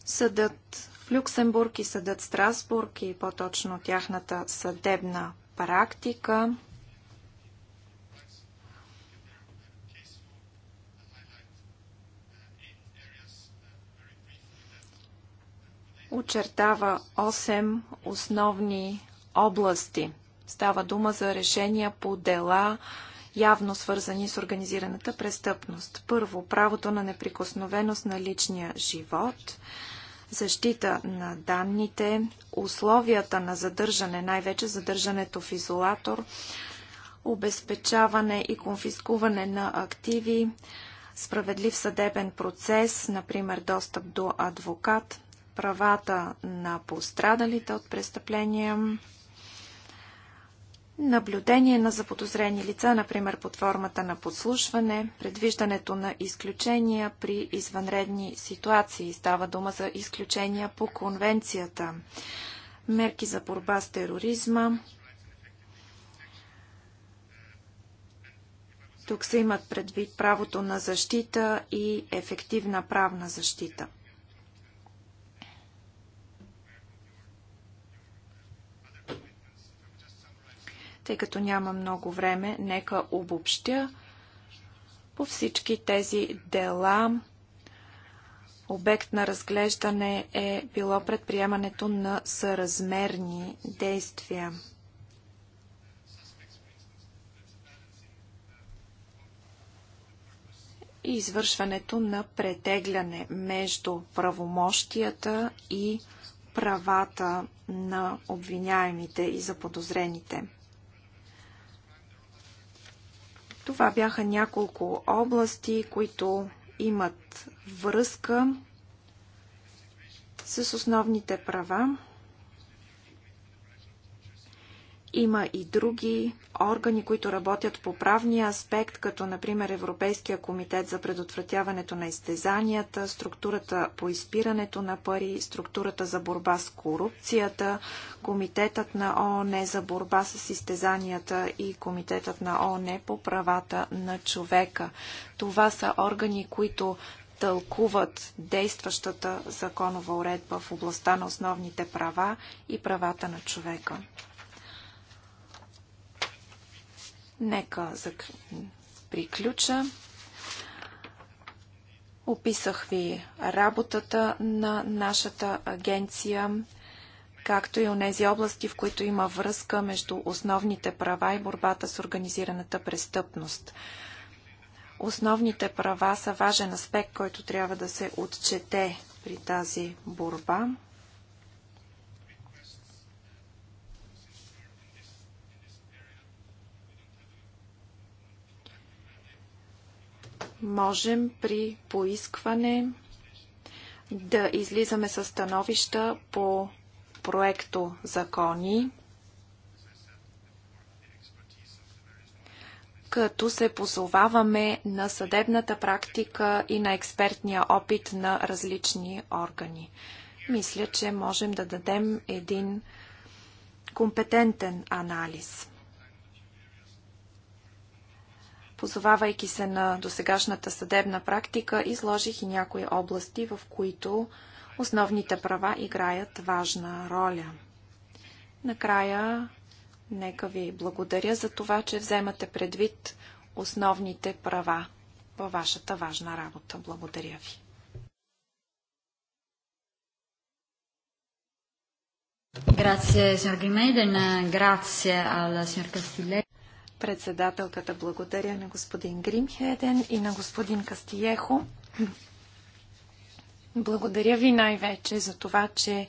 Съдът в Люксембург и съдът Страсбург и по-точно тяхната съдебна практика очертава 8 основни области. Става дума за решения по дела, явно свързани с организираната престъпност. Първо, правото на неприкосновеност на личния живот – защита на данните, условията на задържане, най-вече задържането в изолатор, обезпечаване и конфискуване на активи, справедлив съдебен процес, например достъп до адвокат, правата на пострадалите от престъпления, наблюдение на заподозрени лица, например под формата на подслушване, предвиждането на изключения при извънредни ситуации. Става дума за изключения по конвенцията, мерки за борба с тероризма. Тук се имат предвид правото на защита и ефективна правна защита. Тъй като няма много време, нека обобщя по всички тези дела. Обект на разглеждане е било предприемането на съразмерни действия. и извършването на претегляне между правомощията и правата на обвиняемите и заподозрените. Това бяха няколко области, които имат връзка с основните права. Има и други органи, които работят по правния аспект, като например Европейския комитет за предотвратяването на изтезанията, структурата по изпирането на пари, структурата за борба с корупцията, Комитетът на ООН за борба с изтезанията и Комитетът на ООН по правата на човека. Това са органи, които тълкуват действащата законова уредба в областта на основните права и правата на човека. Нека зак... приключа. Описах ви работата на нашата агенция, както и онези области, в които има връзка между основните права и борбата с организираната престъпност. Основните права са важен аспект, който трябва да се отчете при тази борба. можем при поискване да излизаме със становища по проекто закони, като се позоваваме на съдебната практика и на експертния опит на различни органи. Мисля, че можем да дадем един компетентен анализ. Позовавайки се на досегашната съдебна практика, изложих и някои области, в които основните права играят важна роля. Накрая, нека ви благодаря за това, че вземате предвид основните права във вашата важна работа. Благодаря ви. Grazie signor Grimeden, grazie al signor Castiglietti. Председателката благодаря на господин Гримхеден и на господин Кастиехо. Благодаря ви най-вече за това, че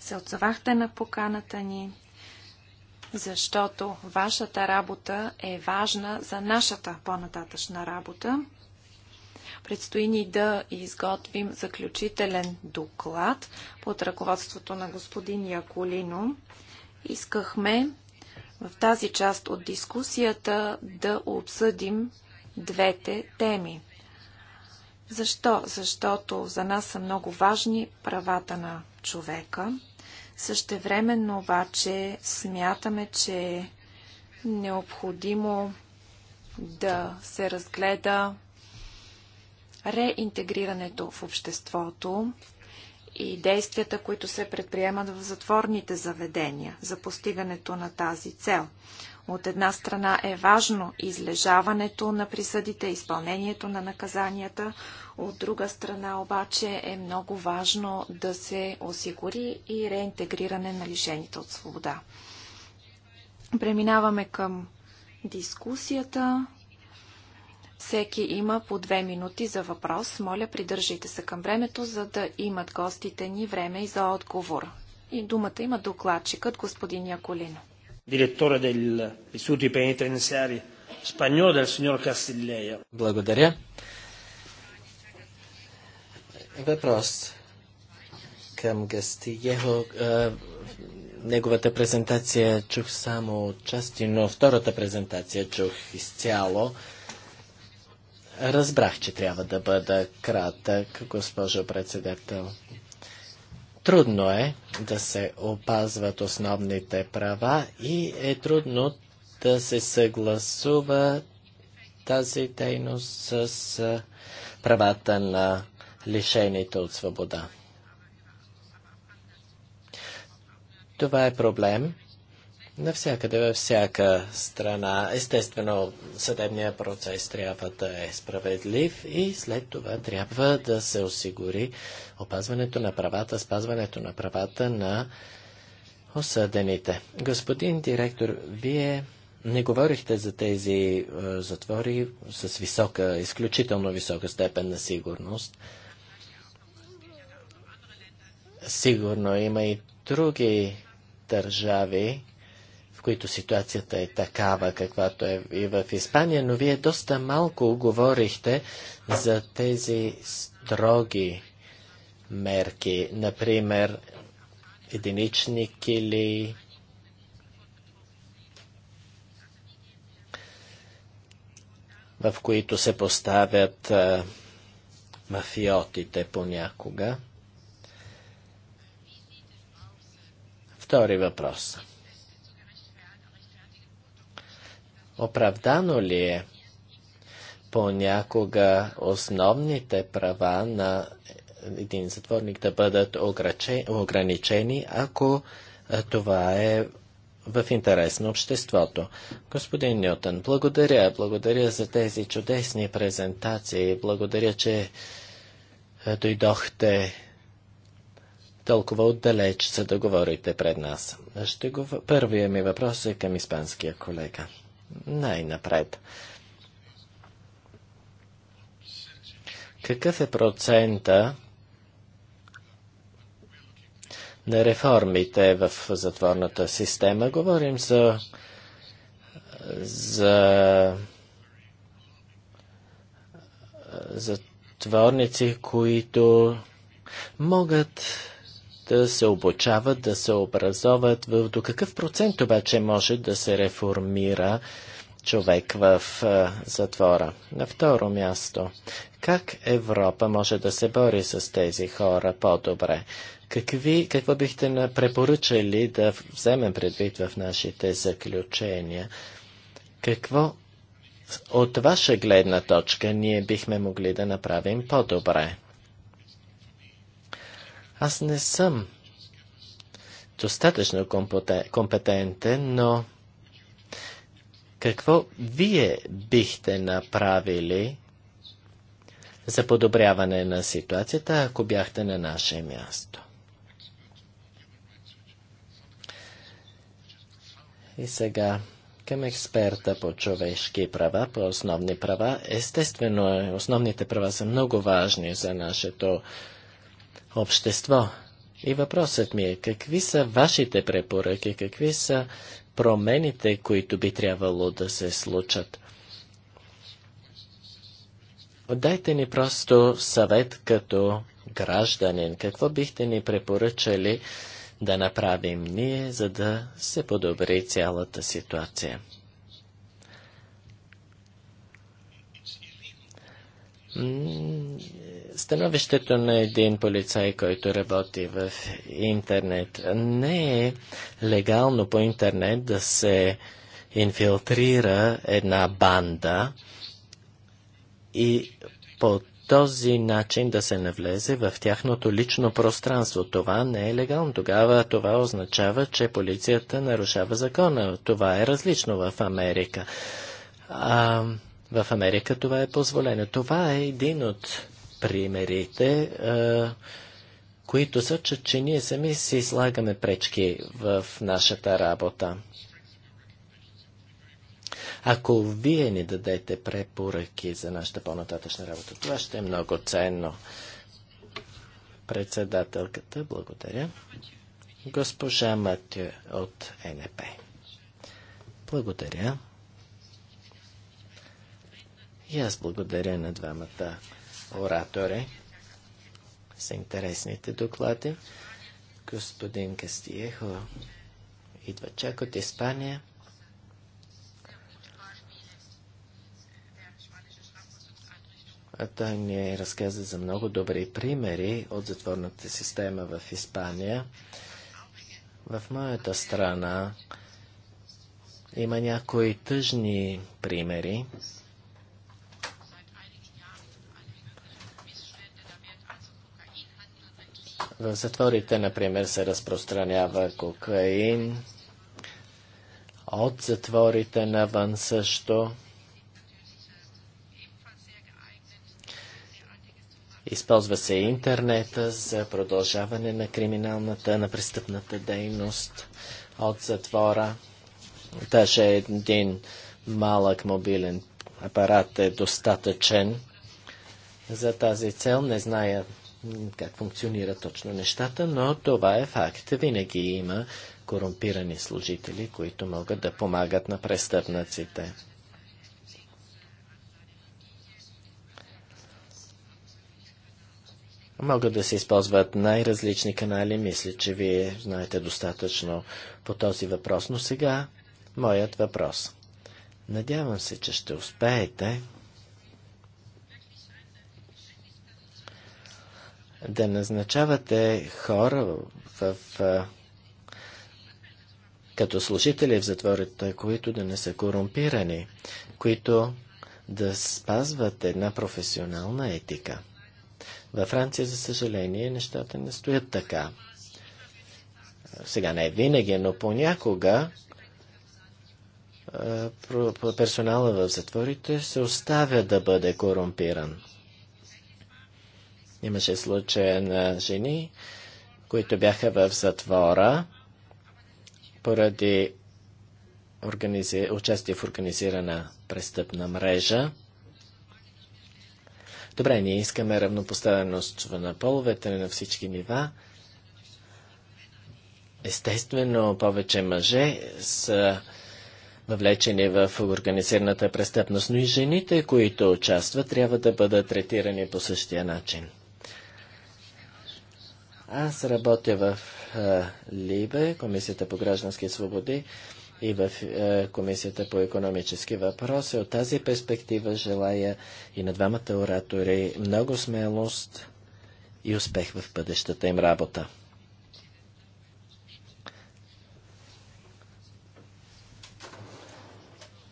се отзовахте на поканата ни, защото вашата работа е важна за нашата по-нататъчна работа. Предстои ни да изготвим заключителен доклад под ръководството на господин Яколино. Искахме в тази част от дискусията да обсъдим двете теми. Защо? Защото за нас са много важни правата на човека. Същевременно обаче смятаме, че е необходимо да се разгледа реинтегрирането в обществото, и действията, които се предприемат в затворните заведения за постигането на тази цел. От една страна е важно излежаването на присъдите, изпълнението на наказанията, от друга страна обаче е много важно да се осигури и реинтегриране на лишените от свобода. Преминаваме към дискусията. Всеки има по две минути за въпрос. Моля, придържайте се към времето, за да имат гостите ни време и за отговор. И думата има докладчикът господин Яколин. Директора del Пенитенциари, Penitenziari Spagnolo, сеньор Castilleja. Благодаря. Въпрос към гости. Его, а, Неговата презентация чух само части, но втората презентация чух изцяло. Разбрах, че трябва да бъда кратък, госпожо председател. Трудно е да се опазват основните права и е трудно да се съгласува тази дейност с правата на лишените от свобода. Това е проблем, Навсякъде, във всяка страна, естествено, съдебният процес трябва да е справедлив и след това трябва да се осигури опазването на правата, спазването на правата на осъдените. Господин директор, вие не говорихте за тези е, затвори с висока, изключително висока степен на сигурност. Сигурно има и други държави, които ситуацията е такава, каквато е и в Испания, но вие доста малко говорихте за тези строги мерки, например единични кили, в които се поставят а, мафиотите понякога. Втори въпрос. Оправдано ли е понякога основните права на един затворник да бъдат ограничени, ако това е в интерес на обществото. Господин Нютон, благодаря, благодаря за тези чудесни презентации, благодаря, че дойдохте толкова отдалеч, за да говорите пред нас. Ще го... Първият ми въпрос е към испанския колега най-напред. Какъв е процента на реформите в затворната система? Говорим за, за затворници, които могат да се обучават, да се образоват. До какъв процент обаче може да се реформира човек в затвора? На второ място, как Европа може да се бори с тези хора по-добре? Какви, какво бихте препоръчали да вземем предвид в нашите заключения? Какво от ваша гледна точка ние бихме могли да направим по-добре? Аз не съм достатъчно компетентен, но какво вие бихте направили за подобряване на ситуацията, ако бяхте на наше място? И сега към експерта по човешки права, по основни права. Естествено, е, основните права са много важни за нашето общество. И въпросът ми е, какви са вашите препоръки, какви са промените, които би трябвало да се случат? Дайте ни просто съвет като гражданин. Какво бихте ни препоръчали да направим ние, за да се подобри цялата ситуация? Становището на един полицай, който работи в интернет, не е легално по интернет да се инфилтрира една банда и по този начин да се навлезе в тяхното лично пространство. Това не е легално. Тогава това означава, че полицията нарушава закона. Това е различно в Америка. А, в Америка това е позволено. Това е един от примерите, които сочат, че ние сами си слагаме пречки в нашата работа. Ако вие ни дадете препоръки за нашата по-нататъчна работа, това ще е много ценно. Председателката, благодаря. Госпожа Матю от НП. Благодаря. И аз благодаря на двамата оратори с интересните доклади. Господин Кастиехо идва чак от Испания. А той ни е разказа за много добри примери от затворната система в Испания. В моята страна има някои тъжни примери В затворите, например, се разпространява кокаин. От затворите навън също. Използва се интернета за продължаване на криминалната, на престъпната дейност от затвора. Даже един малък мобилен апарат е достатъчен за тази цел. Не зная как функционира точно нещата, но това е факт. Винаги има корумпирани служители, които могат да помагат на престъпнаците. Могат да се използват най-различни канали. Мисля, че вие знаете достатъчно по този въпрос. Но сега моят въпрос. Надявам се, че ще успеете да назначавате хора в, в, като служители в затворите, които да не са корумпирани, които да спазват една професионална етика. Във Франция, за съжаление, нещата не стоят така. Сега не винаги, но понякога персонала в затворите се оставя да бъде корумпиран. Имаше случая на жени, които бяха в затвора поради организи... участие в организирана престъпна мрежа. Добре, ние искаме равнопоставеност на половете на всички нива. Естествено, повече мъже са въвлечени в организираната престъпност, но и жените, които участват, трябва да бъдат третирани по същия начин. Аз работя в Либе, Комисията по граждански свободи и в Комисията по економически въпроси. От тази перспектива желая и на двамата оратори много смелост и успех в бъдещата им работа.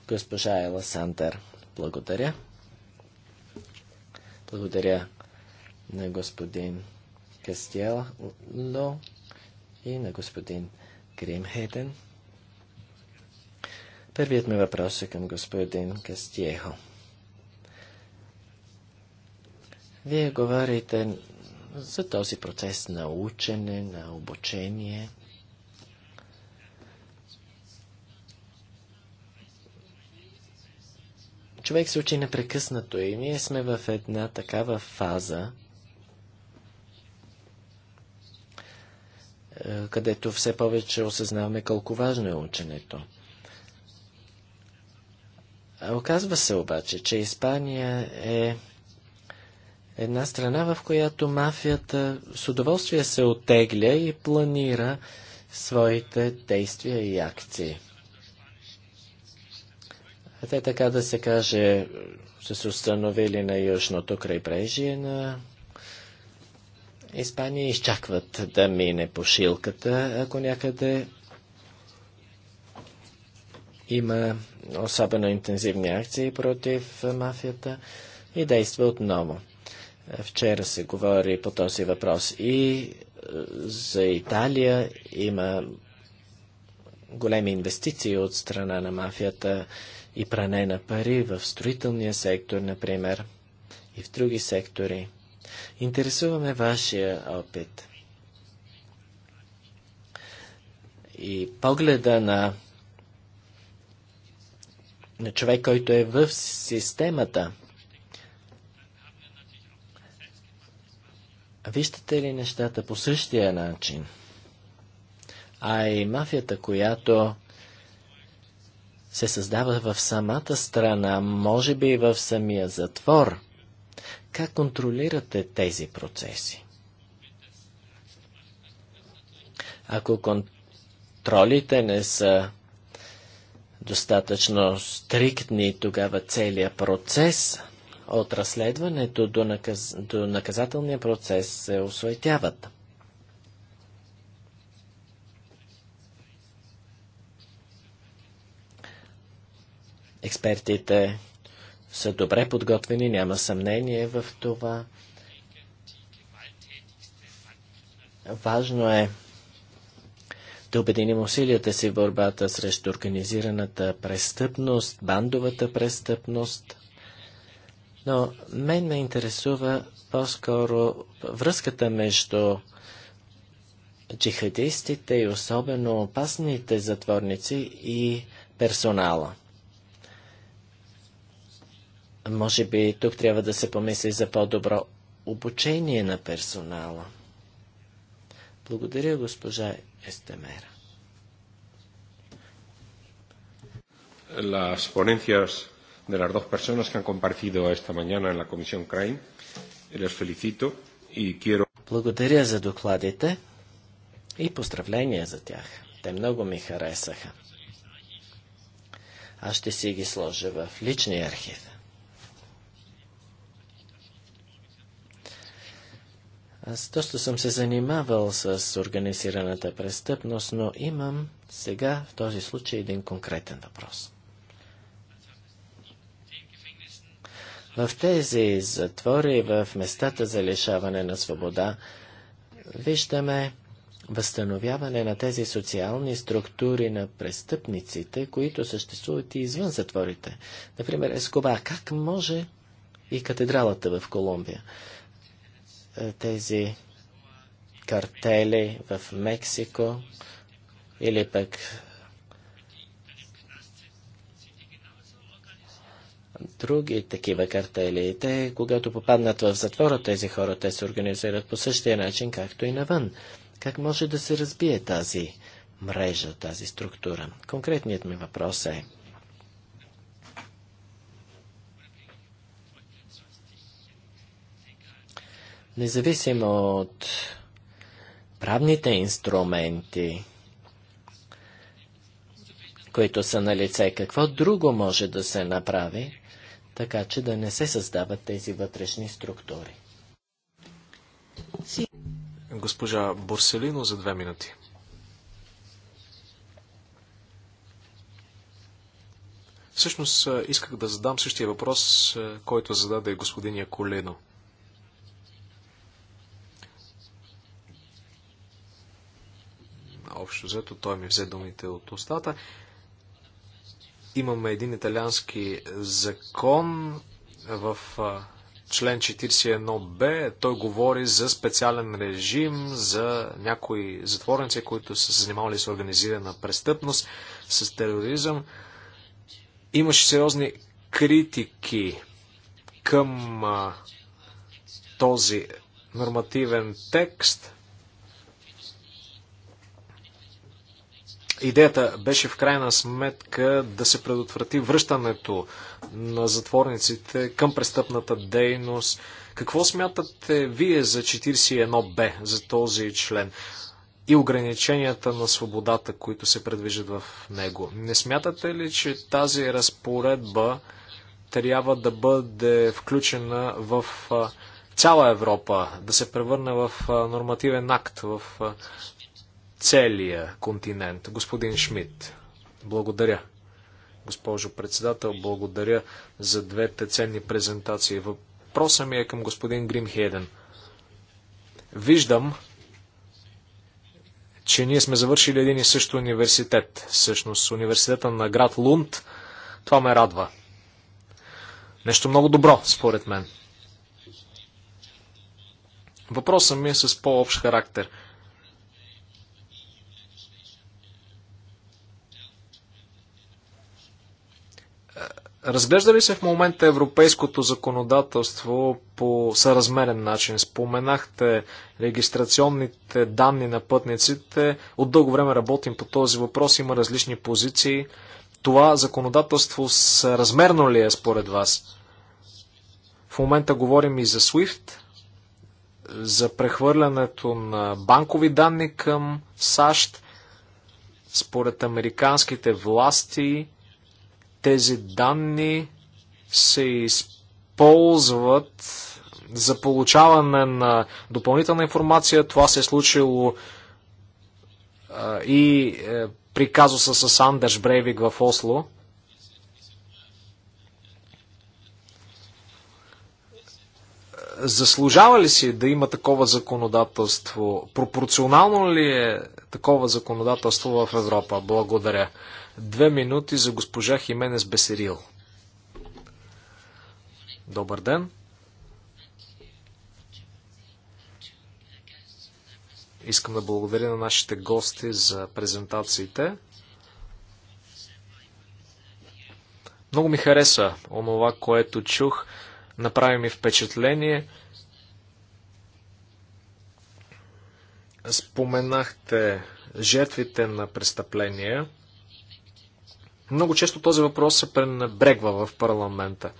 Госпожа Ела Сантер, благодаря. Благодаря на господин Кастел, Ло и на господин Гримхеден. Първият ми въпрос е към господин Кастиехо. Вие говорите за този процес на учене, на обучение. Човек се учи непрекъснато и ние сме в една такава фаза, Е, където все повече осъзнаваме колко важно е ученето. Оказва се обаче, че Испания е една страна, в която мафията с удоволствие се отегля и планира своите действия и акции. Те така да се каже, са се установили на южното крайбрежие на Испания изчакват да мине по шилката, ако някъде има особено интензивни акции против мафията и действа отново. Вчера се говори по този въпрос и е, за Италия има големи инвестиции от страна на мафията и пране на пари в строителния сектор, например, и в други сектори. Интересуваме вашия опит. И погледа на, на човек, който е в системата. Виждате ли нещата по същия начин? А и мафията, която се създава в самата страна, може би и в самия затвор – как контролирате тези процеси? Ако контролите не са достатъчно стриктни, тогава целият процес от разследването до, наказ... до наказателния процес се осуетяват. Експертите са добре подготвени, няма съмнение в това. Важно е да обединим усилията си в борбата срещу организираната престъпност, бандовата престъпност. Но мен ме интересува по-скоро връзката между джихадистите и особено опасните затворници и персонала. Може би тук трябва да се помисли за по-добро обучение на персонала. Благодаря, госпожа Естемера. Las ponencias de las dos personas que han compartido esta mañana en la Comisión CRAIM, les felicito y quiero... Благодаря за докладите и поздравления за тях. Те много ми харесаха. Аз ще си ги сложа в личния архив. Аз доста съм се занимавал с организираната престъпност, но имам сега в този случай един конкретен въпрос. В тези затвори, в местата за лишаване на свобода, виждаме възстановяване на тези социални структури на престъпниците, които съществуват и извън затворите. Например, Ескоба, как може и катедралата в Колумбия тези картели в Мексико или пък други такива картели. Те, когато попаднат в затвора, тези хора, те се организират по същия начин, както и навън. Как може да се разбие тази мрежа, тази структура? Конкретният ми въпрос е, Независимо от правните инструменти, които са на лице, какво друго може да се направи, така че да не се създават тези вътрешни структури. Госпожа Борселино за две минути. Всъщност исках да задам същия въпрос, който зададе господиния Колено. Общо взето той ми взе думите от устата. Имаме един италиански закон в член 41б. Той говори за специален режим за някои затворници, които са се занимавали с организирана престъпност, с тероризъм. Имаше сериозни критики към този нормативен текст. идеята беше в крайна сметка да се предотврати връщането на затворниците към престъпната дейност. Какво смятате вие за 41Б, за този член и ограниченията на свободата, които се предвижат в него? Не смятате ли, че тази разпоредба трябва да бъде включена в цяла Европа, да се превърне в нормативен акт, в целия континент. Господин Шмидт, благодаря. Госпожо председател, благодаря за двете ценни презентации. Въпросът ми е към господин Гримхеден. Виждам, че ние сме завършили един и също университет. Всъщност, университета на град Лунд. Това ме радва. Нещо много добро, според мен. Въпросът ми е с по-общ характер – Разглежда ли се в момента европейското законодателство по съразмерен начин? Споменахте регистрационните данни на пътниците. От дълго време работим по този въпрос. Има различни позиции. Това законодателство съразмерно ли е според вас? В момента говорим и за SWIFT, за прехвърлянето на банкови данни към САЩ. Според американските власти тези данни се използват за получаване на допълнителна информация. Това се е случило и е, при казуса с Андерш Брейвик в Осло. Заслужава ли си да има такова законодателство? Пропорционално ли е такова законодателство в Европа? Благодаря. Две минути за госпожа Хименес Бесерил. Добър ден! Искам да благодаря на нашите гости за презентациите. Много ми хареса онова, което чух. Направи ми впечатление. Споменахте жертвите на престъпления. Много често този въпрос се пренебрегва в парламента.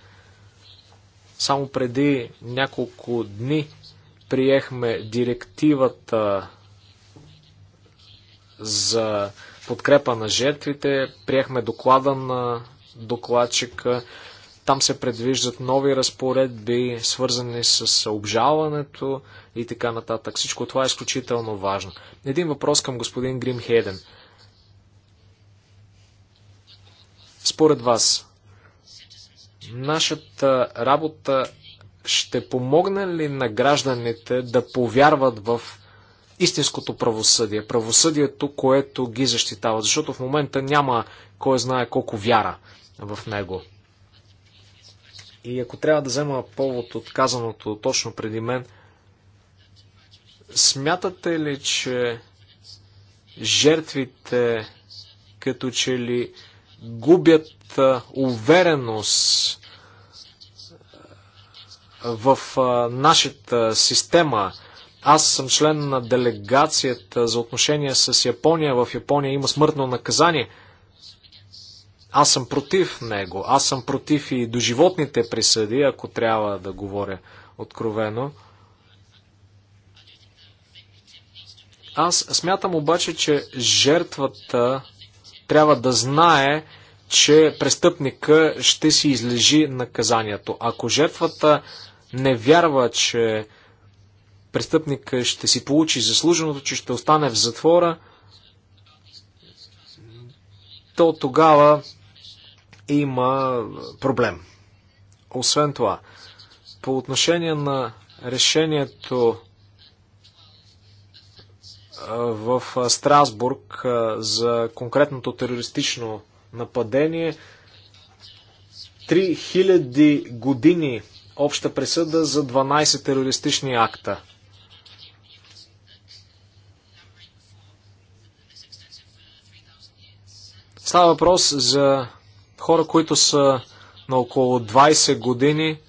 Само преди няколко дни приехме директивата за подкрепа на жертвите, приехме доклада на докладчика, там се предвиждат нови разпоредби, свързани с обжалването и така нататък. Всичко това е изключително важно. Един въпрос към господин Грим Хейден. Според вас, нашата работа ще помогне ли на гражданите да повярват в истинското правосъдие, правосъдието, което ги защитава, защото в момента няма кой знае колко вяра в него. И ако трябва да взема повод от казаното точно преди мен, смятате ли, че жертвите като че ли губят увереност в нашата система. Аз съм член на делегацията за отношения с Япония. В Япония има смъртно наказание. Аз съм против него. Аз съм против и до животните присъди, ако трябва да говоря откровено. Аз смятам обаче, че жертвата трябва да знае, че престъпника ще си излежи наказанието. Ако жертвата не вярва, че престъпника ще си получи заслуженото, че ще остане в затвора, то тогава има проблем. Освен това, по отношение на решението в Страсбург за конкретното терористично нападение. 3000 години обща присъда за 12 терористични акта. Става въпрос за хора, които са на около 20 години.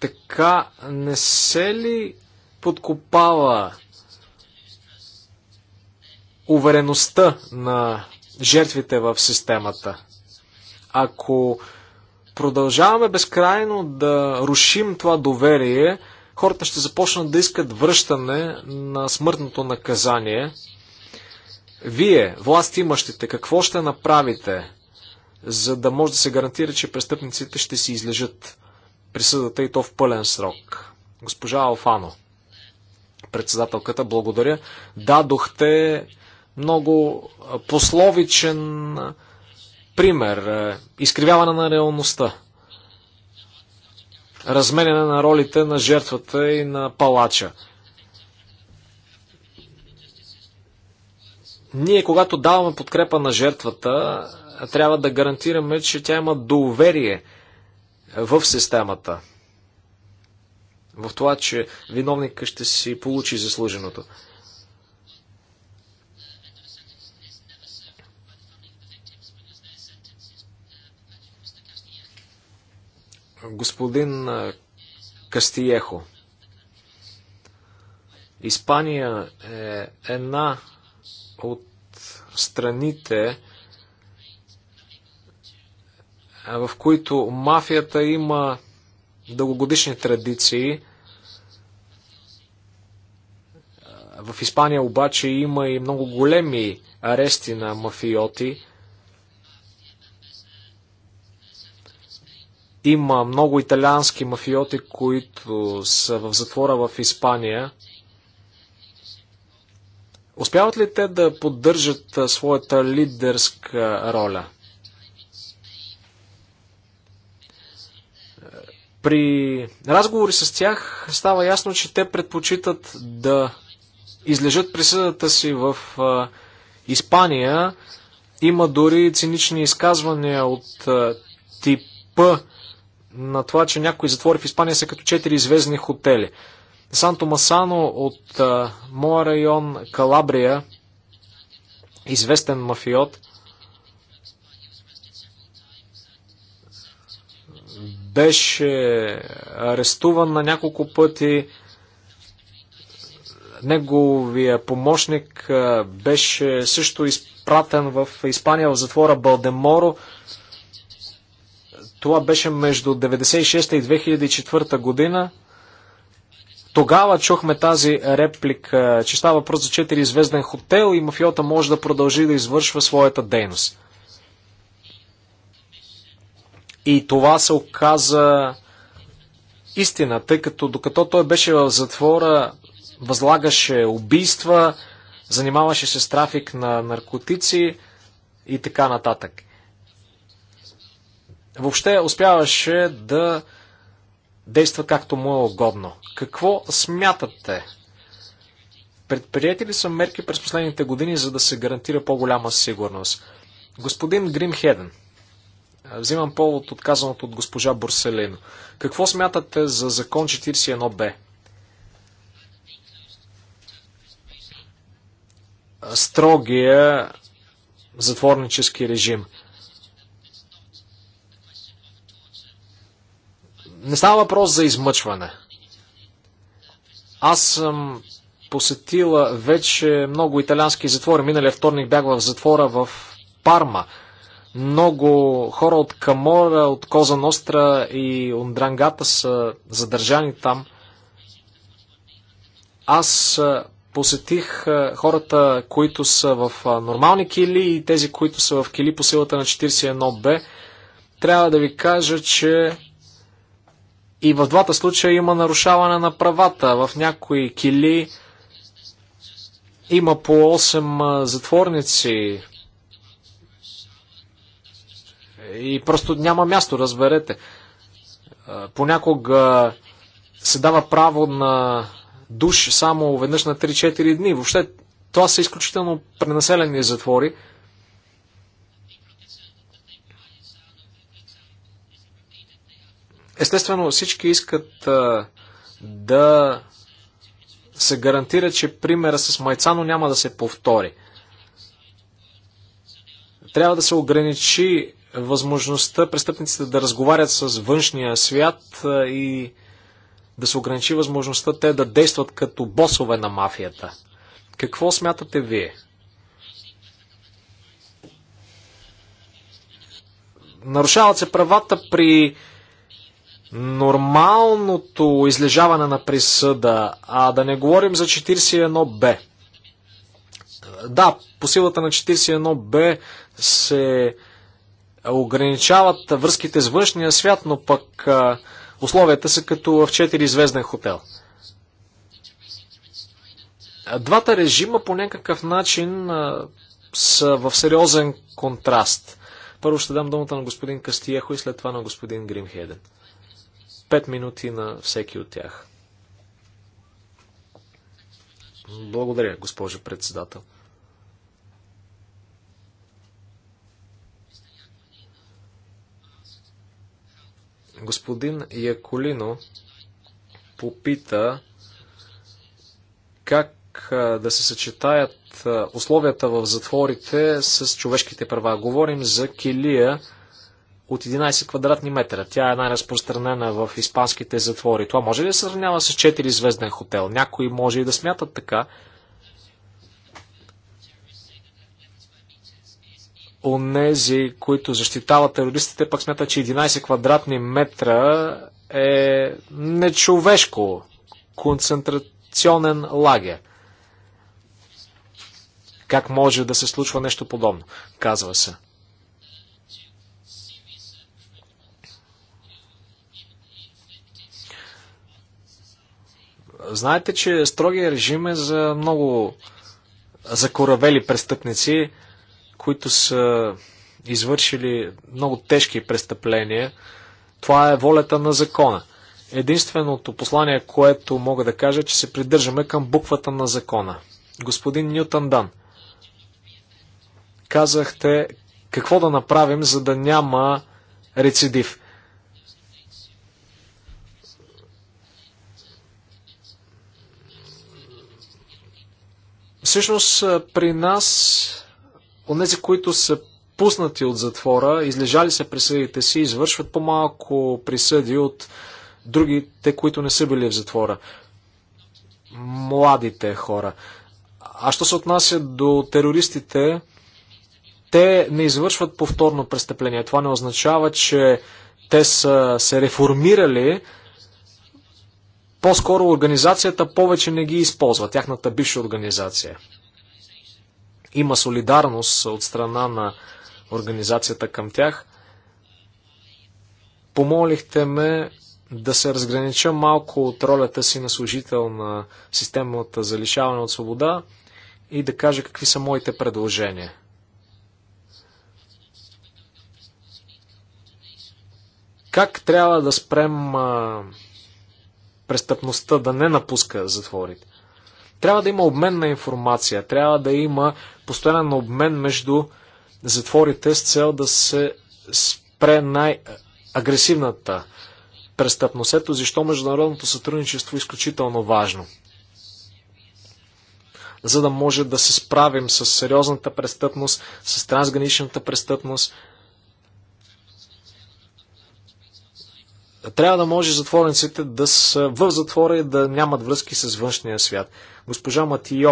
Така не се ли подкопава увереността на жертвите в системата. Ако продължаваме безкрайно да рушим това доверие, хората ще започнат да искат връщане на смъртното наказание. Вие, власт имащите, какво ще направите, за да може да се гарантира, че престъпниците ще си излежат присъдата и то в пълен срок? Госпожа Алфано, председателката, благодаря. Дадохте много пословичен пример. Изкривяване на реалността. Разменяне на ролите на жертвата и на палача. Ние, когато даваме подкрепа на жертвата, трябва да гарантираме, че тя има доверие в системата. В това, че виновника ще си получи заслуженото. Господин Кастиехо, Испания е една от страните, в които мафията има дългогодишни традиции. В Испания обаче има и много големи арести на мафиоти. Има много италиански мафиоти, които са в затвора в Испания. Успяват ли те да поддържат своята лидерска роля? При разговори с тях става ясно, че те предпочитат да излежат присъдата си в Испания. Има дори цинични изказвания от типа на това, че някои затвори в Испания са като четири звездни хотели. Санто Масано от а, моя район Калабрия, известен мафиот, беше арестуван на няколко пъти. Неговия помощник беше също изпратен в Испания в затвора Балдеморо. Това беше между 1996 и 2004 година. Тогава чухме тази реплика, че става въпрос за 4 звезден хотел и мафиота може да продължи да извършва своята дейност. И това се оказа истина, тъй като докато той беше в затвора, възлагаше убийства, занимаваше се с трафик на наркотици и така нататък въобще успяваше да действа както му е угодно. Какво смятате? Предприяти ли са мерки през последните години, за да се гарантира по-голяма сигурност? Господин Гримхеден, взимам повод от казаното от госпожа Борселин. Какво смятате за закон 41б? Строгия затворнически режим – Не става въпрос за измъчване. Аз съм посетила вече много италиански затвори. Миналия вторник бях в затвора в Парма. Много хора от Камора, от Коза Ностра и Ондрангата са задържани там. Аз посетих хората, които са в нормални кили и тези, които са в кили по силата на 41Б. Трябва да ви кажа, че и в двата случая има нарушаване на правата. В някои кили има по 8 затворници. И просто няма място, разберете. Понякога се дава право на душ само веднъж на 3-4 дни. Въобще това са изключително пренаселени затвори. Естествено, всички искат а, да се гарантира, че примера с Майцано няма да се повтори. Трябва да се ограничи възможността престъпниците да разговарят с външния свят и да се ограничи възможността те да действат като босове на мафията. Какво смятате вие? Нарушават се правата при нормалното излежаване на присъда, а да не говорим за 41Б. Да, по силата на 41Б се ограничават връзките с външния свят, но пък условията са като в 4-звезден хотел. Двата режима по някакъв начин са в сериозен контраст. Първо ще дам думата на господин Кастияхо и след това на господин Гримхеден. 5 минути на всеки от тях. Благодаря, госпожо председател. Господин Яколино попита как да се съчетаят условията в затворите с човешките права. Говорим за килия от 11 квадратни метра. Тя е най-разпространена в испанските затвори. Това може ли да се сравнява с 4-звезден хотел? Някои може и да смятат така. Онези, които защитават терористите, пък смятат, че 11 квадратни метра е нечовешко концентрационен лагер. Как може да се случва нещо подобно? Казва се. Знаете, че строгия режим е за много закоравели престъпници, които са извършили много тежки престъпления. Това е волята на закона. Единственото послание, което мога да кажа, е, че се придържаме към буквата на закона. Господин Нютан Дан, казахте какво да направим, за да няма рецидив. Всъщност при нас, онези, които са пуснати от затвора, излежали се присъдите си, извършват по-малко присъди от другите, които не са били в затвора. Младите хора. А що се отнася до терористите, те не извършват повторно престъпление. Това не означава, че те са се реформирали, по-скоро организацията повече не ги използва, тяхната бивша организация. Има солидарност от страна на организацията към тях. Помолихте ме да се разгранича малко от ролята си на служител на системата за лишаване от свобода и да кажа какви са моите предложения. Как трябва да спрем а, престъпността да не напуска затворите. Трябва да има обмен на информация, трябва да има постоянен обмен между затворите с цел да се спре най-агресивната престъпност. Ето защо международното сътрудничество е изключително важно. За да може да се справим с сериозната престъпност, с трансграничната престъпност, Трябва да може затворниците да са в затвора и да нямат връзки с външния свят. Госпожа Матио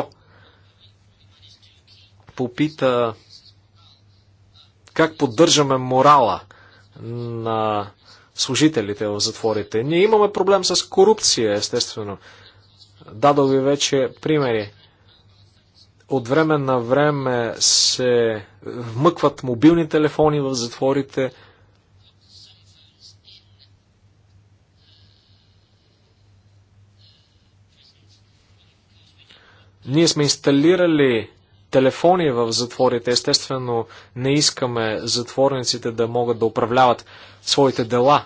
попита как поддържаме морала на служителите в затворите. Ние имаме проблем с корупция, естествено. Дадох ви вече примери. От време на време се вмъкват мобилни телефони в затворите – Ние сме инсталирали телефони в затворите. Естествено, не искаме затворниците да могат да управляват своите дела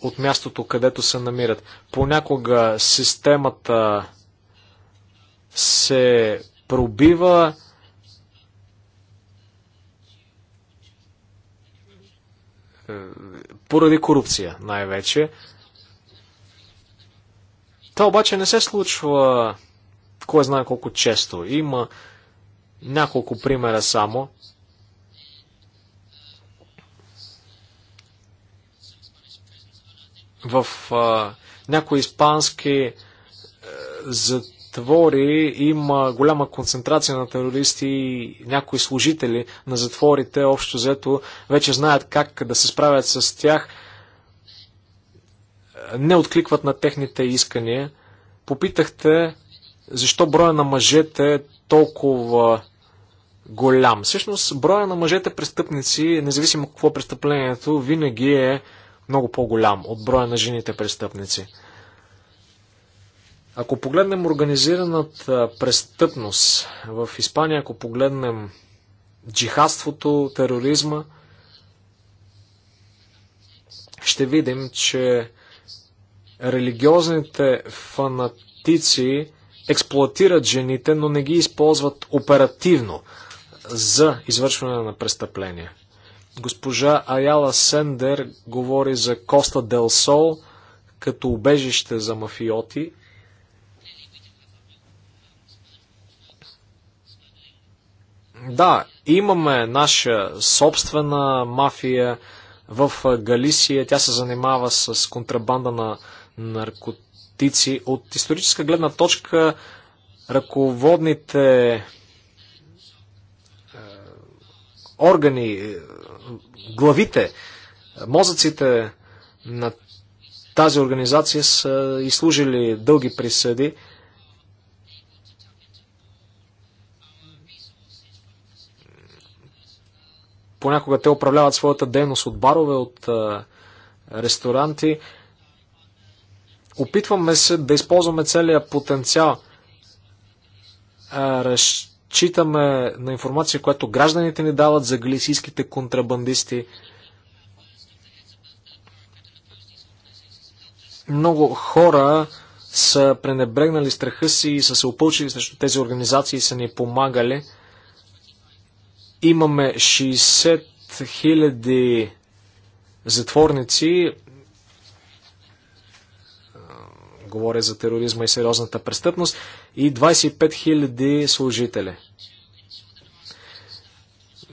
от мястото, където се намират. Понякога системата се пробива. поради корупция най-вече. Това обаче не се случва кой знае колко често. Има няколко примера само. В а, някои испански а, е, затвори има голяма концентрация на терористи и някои служители на затворите, общо взето, вече знаят как да се справят с тях. Е, не откликват на техните искания. Попитахте защо броя на мъжете е толкова голям. Всъщност, броя на мъжете престъпници, независимо какво е престъплението, винаги е много по-голям от броя на жените престъпници. Ако погледнем организираната престъпност в Испания, ако погледнем джихадството, тероризма, ще видим, че религиозните фанатици експлуатират жените, но не ги използват оперативно за извършване на престъпления. Госпожа Аяла Сендер говори за Коста Дел Сол като убежище за мафиоти. Да, имаме наша собствена мафия в Галисия. Тя се занимава с контрабанда на наркотици политици. От историческа гледна точка ръководните е, органи, е, главите, мозъците на тази организация са изслужили дълги присъди. Понякога те управляват своята дейност от барове, от е, ресторанти. Опитваме се да използваме целият потенциал. Разчитаме на информация, която гражданите ни дават за галисийските контрабандисти. Много хора са пренебрегнали страха си и са се опълчили срещу тези организации и са ни помагали. Имаме 60 хиляди затворници, Говоря за тероризма и сериозната престъпност. И 25 000 служители.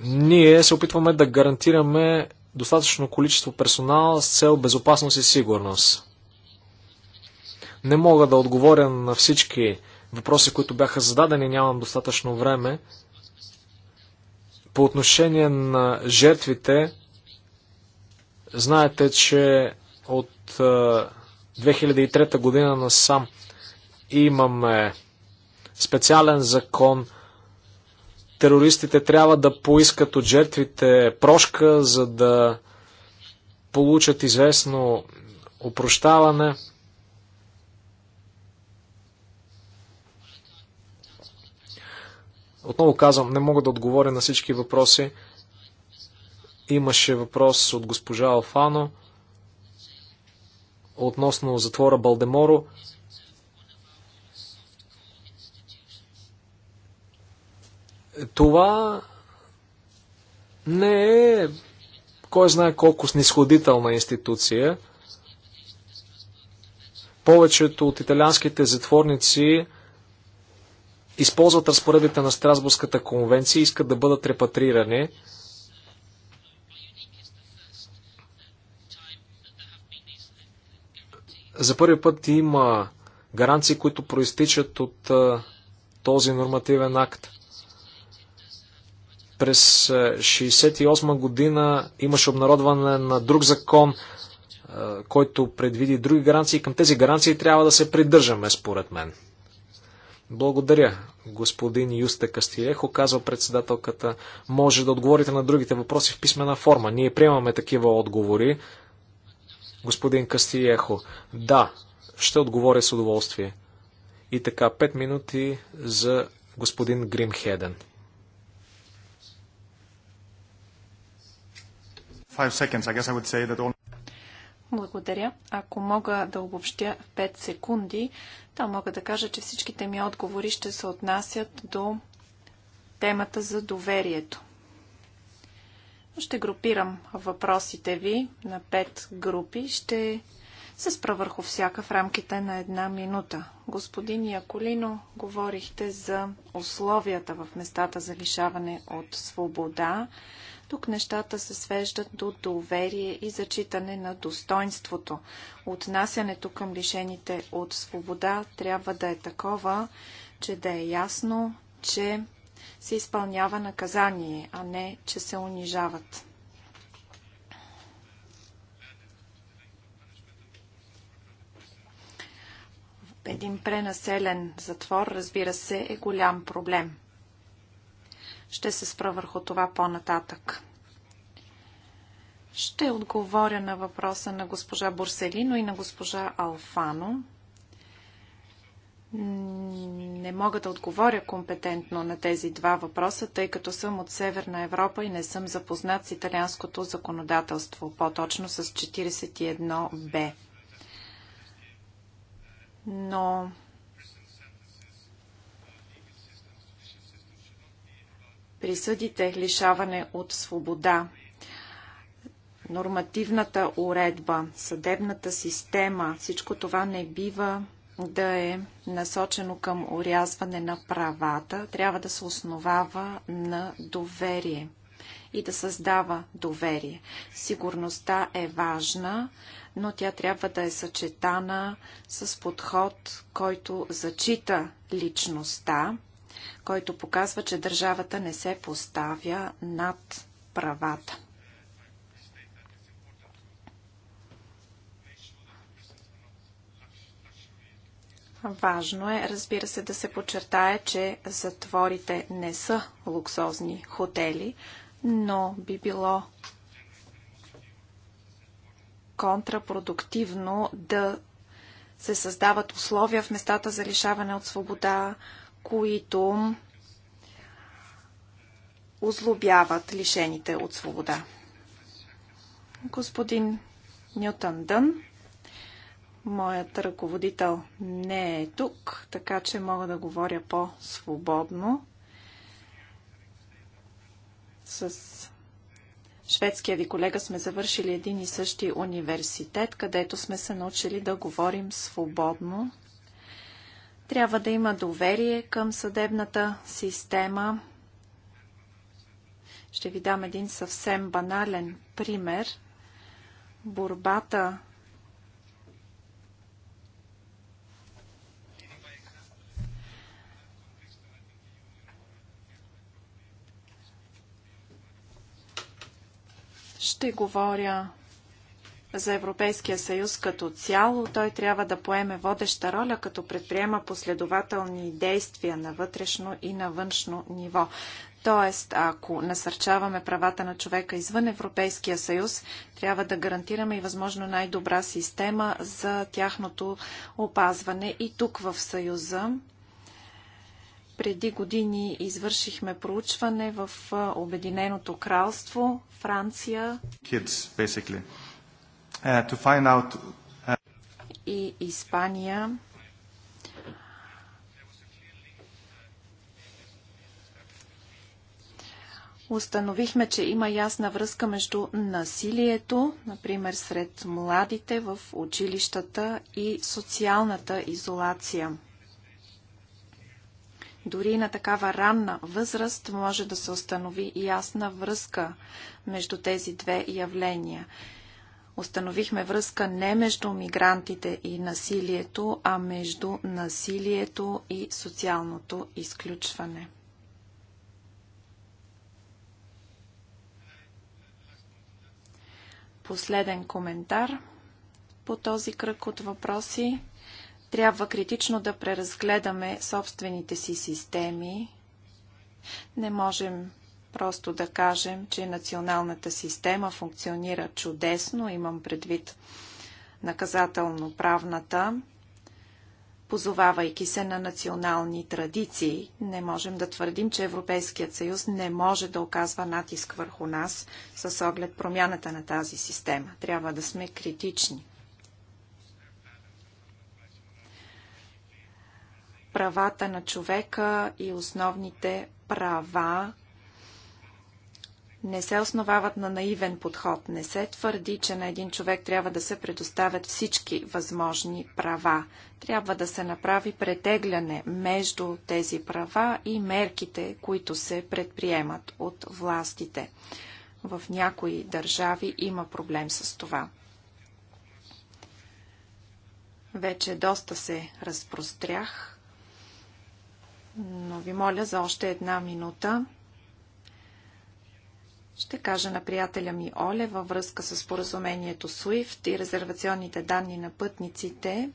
Ние се опитваме да гарантираме достатъчно количество персонал с цел безопасност и сигурност. Не мога да отговоря на всички въпроси, които бяха зададени, нямам достатъчно време. По отношение на жертвите, знаете, че от 2003 година насам имаме специален закон. Терористите трябва да поискат от жертвите прошка, за да получат известно упрощаване. Отново казвам, не мога да отговоря на всички въпроси. Имаше въпрос от госпожа Алфано относно затвора Балдеморо. Това не е кой знае колко снисходителна институция. Повечето от италианските затворници използват разпоредите на Страсбургската конвенция и искат да бъдат репатрирани. За първи път има гаранции, които проистичат от този нормативен акт. През 1968 година имаше обнародване на друг закон, който предвиди други гаранции. Към тези гаранции трябва да се придържаме, според мен. Благодаря, господин Юсте Кастиехо, казва председателката. Може да отговорите на другите въпроси в писмена форма. Ние приемаме такива отговори. Господин Кастиехо, да, ще отговоря с удоволствие. И така, пет минути за господин Гримхеден. Благодаря. Ако мога да обобщя в 5 секунди, то мога да кажа, че всичките ми отговори ще се отнасят до темата за доверието. Ще групирам въпросите ви на пет групи. Ще се спра върху всяка в рамките на една минута. Господин Яколино, говорихте за условията в местата за лишаване от свобода. Тук нещата се свеждат до доверие и зачитане на достоинството. Отнасянето към лишените от свобода трябва да е такова, че да е ясно, че се изпълнява наказание, а не, че се унижават. Един пренаселен затвор, разбира се, е голям проблем. Ще се спра върху това по-нататък. Ще отговоря на въпроса на госпожа Борселино и на госпожа Алфано. Не мога да отговоря компетентно на тези два въпроса, тъй като съм от Северна Европа и не съм запознат с италианското законодателство, по-точно с 41Б. Но присъдите лишаване от свобода, нормативната уредба, съдебната система, всичко това не бива да е насочено към урязване на правата, трябва да се основава на доверие и да създава доверие. Сигурността е важна, но тя трябва да е съчетана с подход, който зачита личността, който показва, че държавата не се поставя над правата. Важно е, разбира се, да се подчертае, че затворите не са луксозни хотели, но би било контрапродуктивно да се създават условия в местата за лишаване от свобода, които озлобяват лишените от свобода. Господин Нютън Дън Моят ръководител не е тук, така че мога да говоря по-свободно с шведския ви колега сме завършили един и същи университет, където сме се научили да говорим свободно. Трябва да има доверие към съдебната система. Ще ви дам един съвсем банален пример. Борбата Ще говоря за Европейския съюз като цяло. Той трябва да поеме водеща роля, като предприема последователни действия на вътрешно и на външно ниво. Тоест, ако насърчаваме правата на човека извън Европейския съюз, трябва да гарантираме и възможно най-добра система за тяхното опазване и тук в Съюза. Преди години извършихме проучване в Обединеното кралство, Франция. Kids, basically. Uh, to find out, uh... И Испания. Установихме, че има ясна връзка между насилието, например сред младите в училищата и социалната изолация. Дори на такава ранна възраст може да се установи ясна връзка между тези две явления. Установихме връзка не между мигрантите и насилието, а между насилието и социалното изключване. Последен коментар по този кръг от въпроси. Трябва критично да преразгледаме собствените си системи. Не можем просто да кажем, че националната система функционира чудесно, имам предвид наказателно-правната, позовавайки се на национални традиции. Не можем да твърдим, че Европейският съюз не може да оказва натиск върху нас с оглед промяната на тази система. Трябва да сме критични. правата на човека и основните права не се основават на наивен подход. Не се твърди, че на един човек трябва да се предоставят всички възможни права. Трябва да се направи претегляне между тези права и мерките, които се предприемат от властите. В някои държави има проблем с това. Вече доста се разпрострях но ви моля за още една минута. Ще кажа на приятеля ми Оле във връзка с поразумението SWIFT и резервационните данни на пътниците,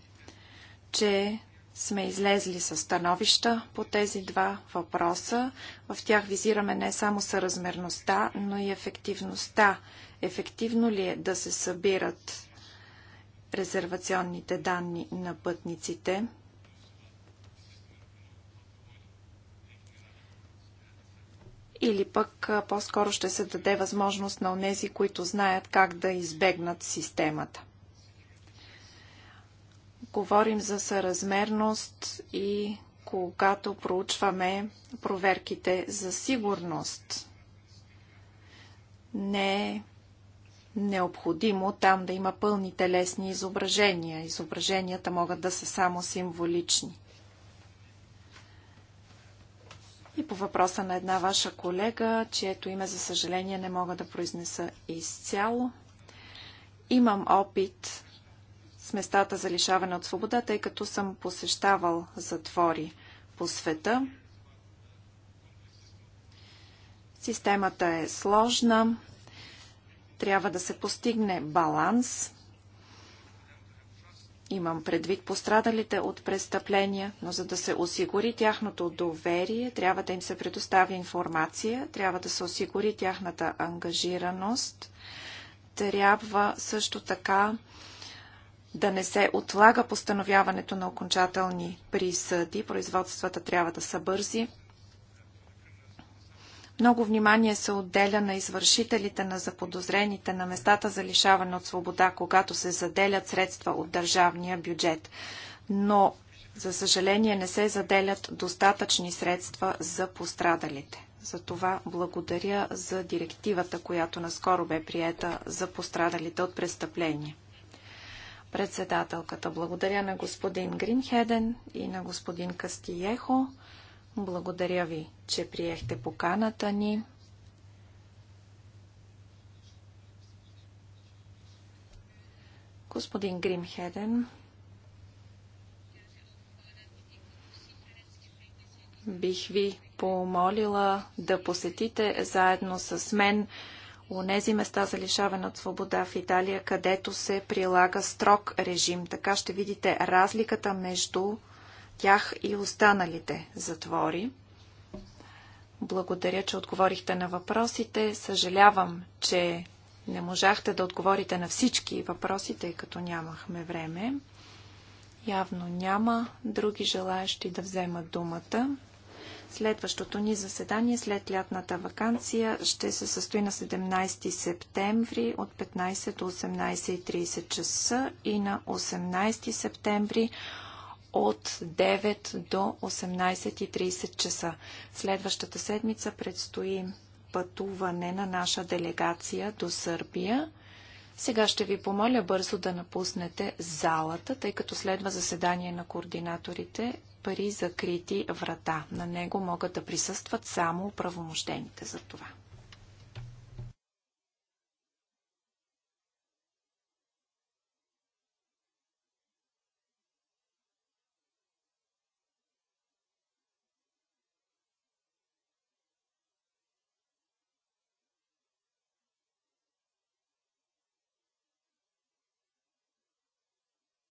че сме излезли с становища по тези два въпроса. В тях визираме не само съразмерността, но и ефективността. Ефективно ли е да се събират резервационните данни на пътниците? или пък по-скоро ще се даде възможност на онези, които знаят как да избегнат системата. Говорим за съразмерност и когато проучваме проверките за сигурност. Не е необходимо там да има пълни телесни изображения. Изображенията могат да са само символични. И по въпроса на една ваша колега, чието име за съжаление не мога да произнеса изцяло. Имам опит с местата за лишаване от свобода, тъй като съм посещавал затвори по света. Системата е сложна. Трябва да се постигне баланс Имам предвид пострадалите от престъпления, но за да се осигури тяхното доверие, трябва да им се предостави информация, трябва да се осигури тяхната ангажираност, трябва също така да не се отлага постановяването на окончателни присъди. Производствата трябва да са бързи, много внимание се отделя на извършителите на заподозрените на местата за лишаване от свобода, когато се заделят средства от държавния бюджет. Но, за съжаление, не се заделят достатъчни средства за пострадалите. Затова благодаря за директивата, която наскоро бе приета за пострадалите от престъпления. Председателката благодаря на господин Гринхеден и на господин Кастиехо. Благодаря ви, че приехте поканата ни. Господин Гримхеден, бих ви помолила да посетите заедно с мен онези места за лишаване от свобода в Италия, където се прилага строг режим. Така ще видите разликата между тях и останалите затвори. Благодаря, че отговорихте на въпросите. Съжалявам, че не можахте да отговорите на всички въпроси, тъй като нямахме време. Явно няма други желаящи да вземат думата. Следващото ни заседание след лятната вакансия ще се състои на 17 септември от 15 до 18.30 часа и на 18 септември от 9 до 18.30 часа. Следващата седмица предстои пътуване на наша делегация до Сърбия. Сега ще ви помоля бързо да напуснете залата, тъй като следва заседание на координаторите при закрити врата. На него могат да присъстват само правомощените за това.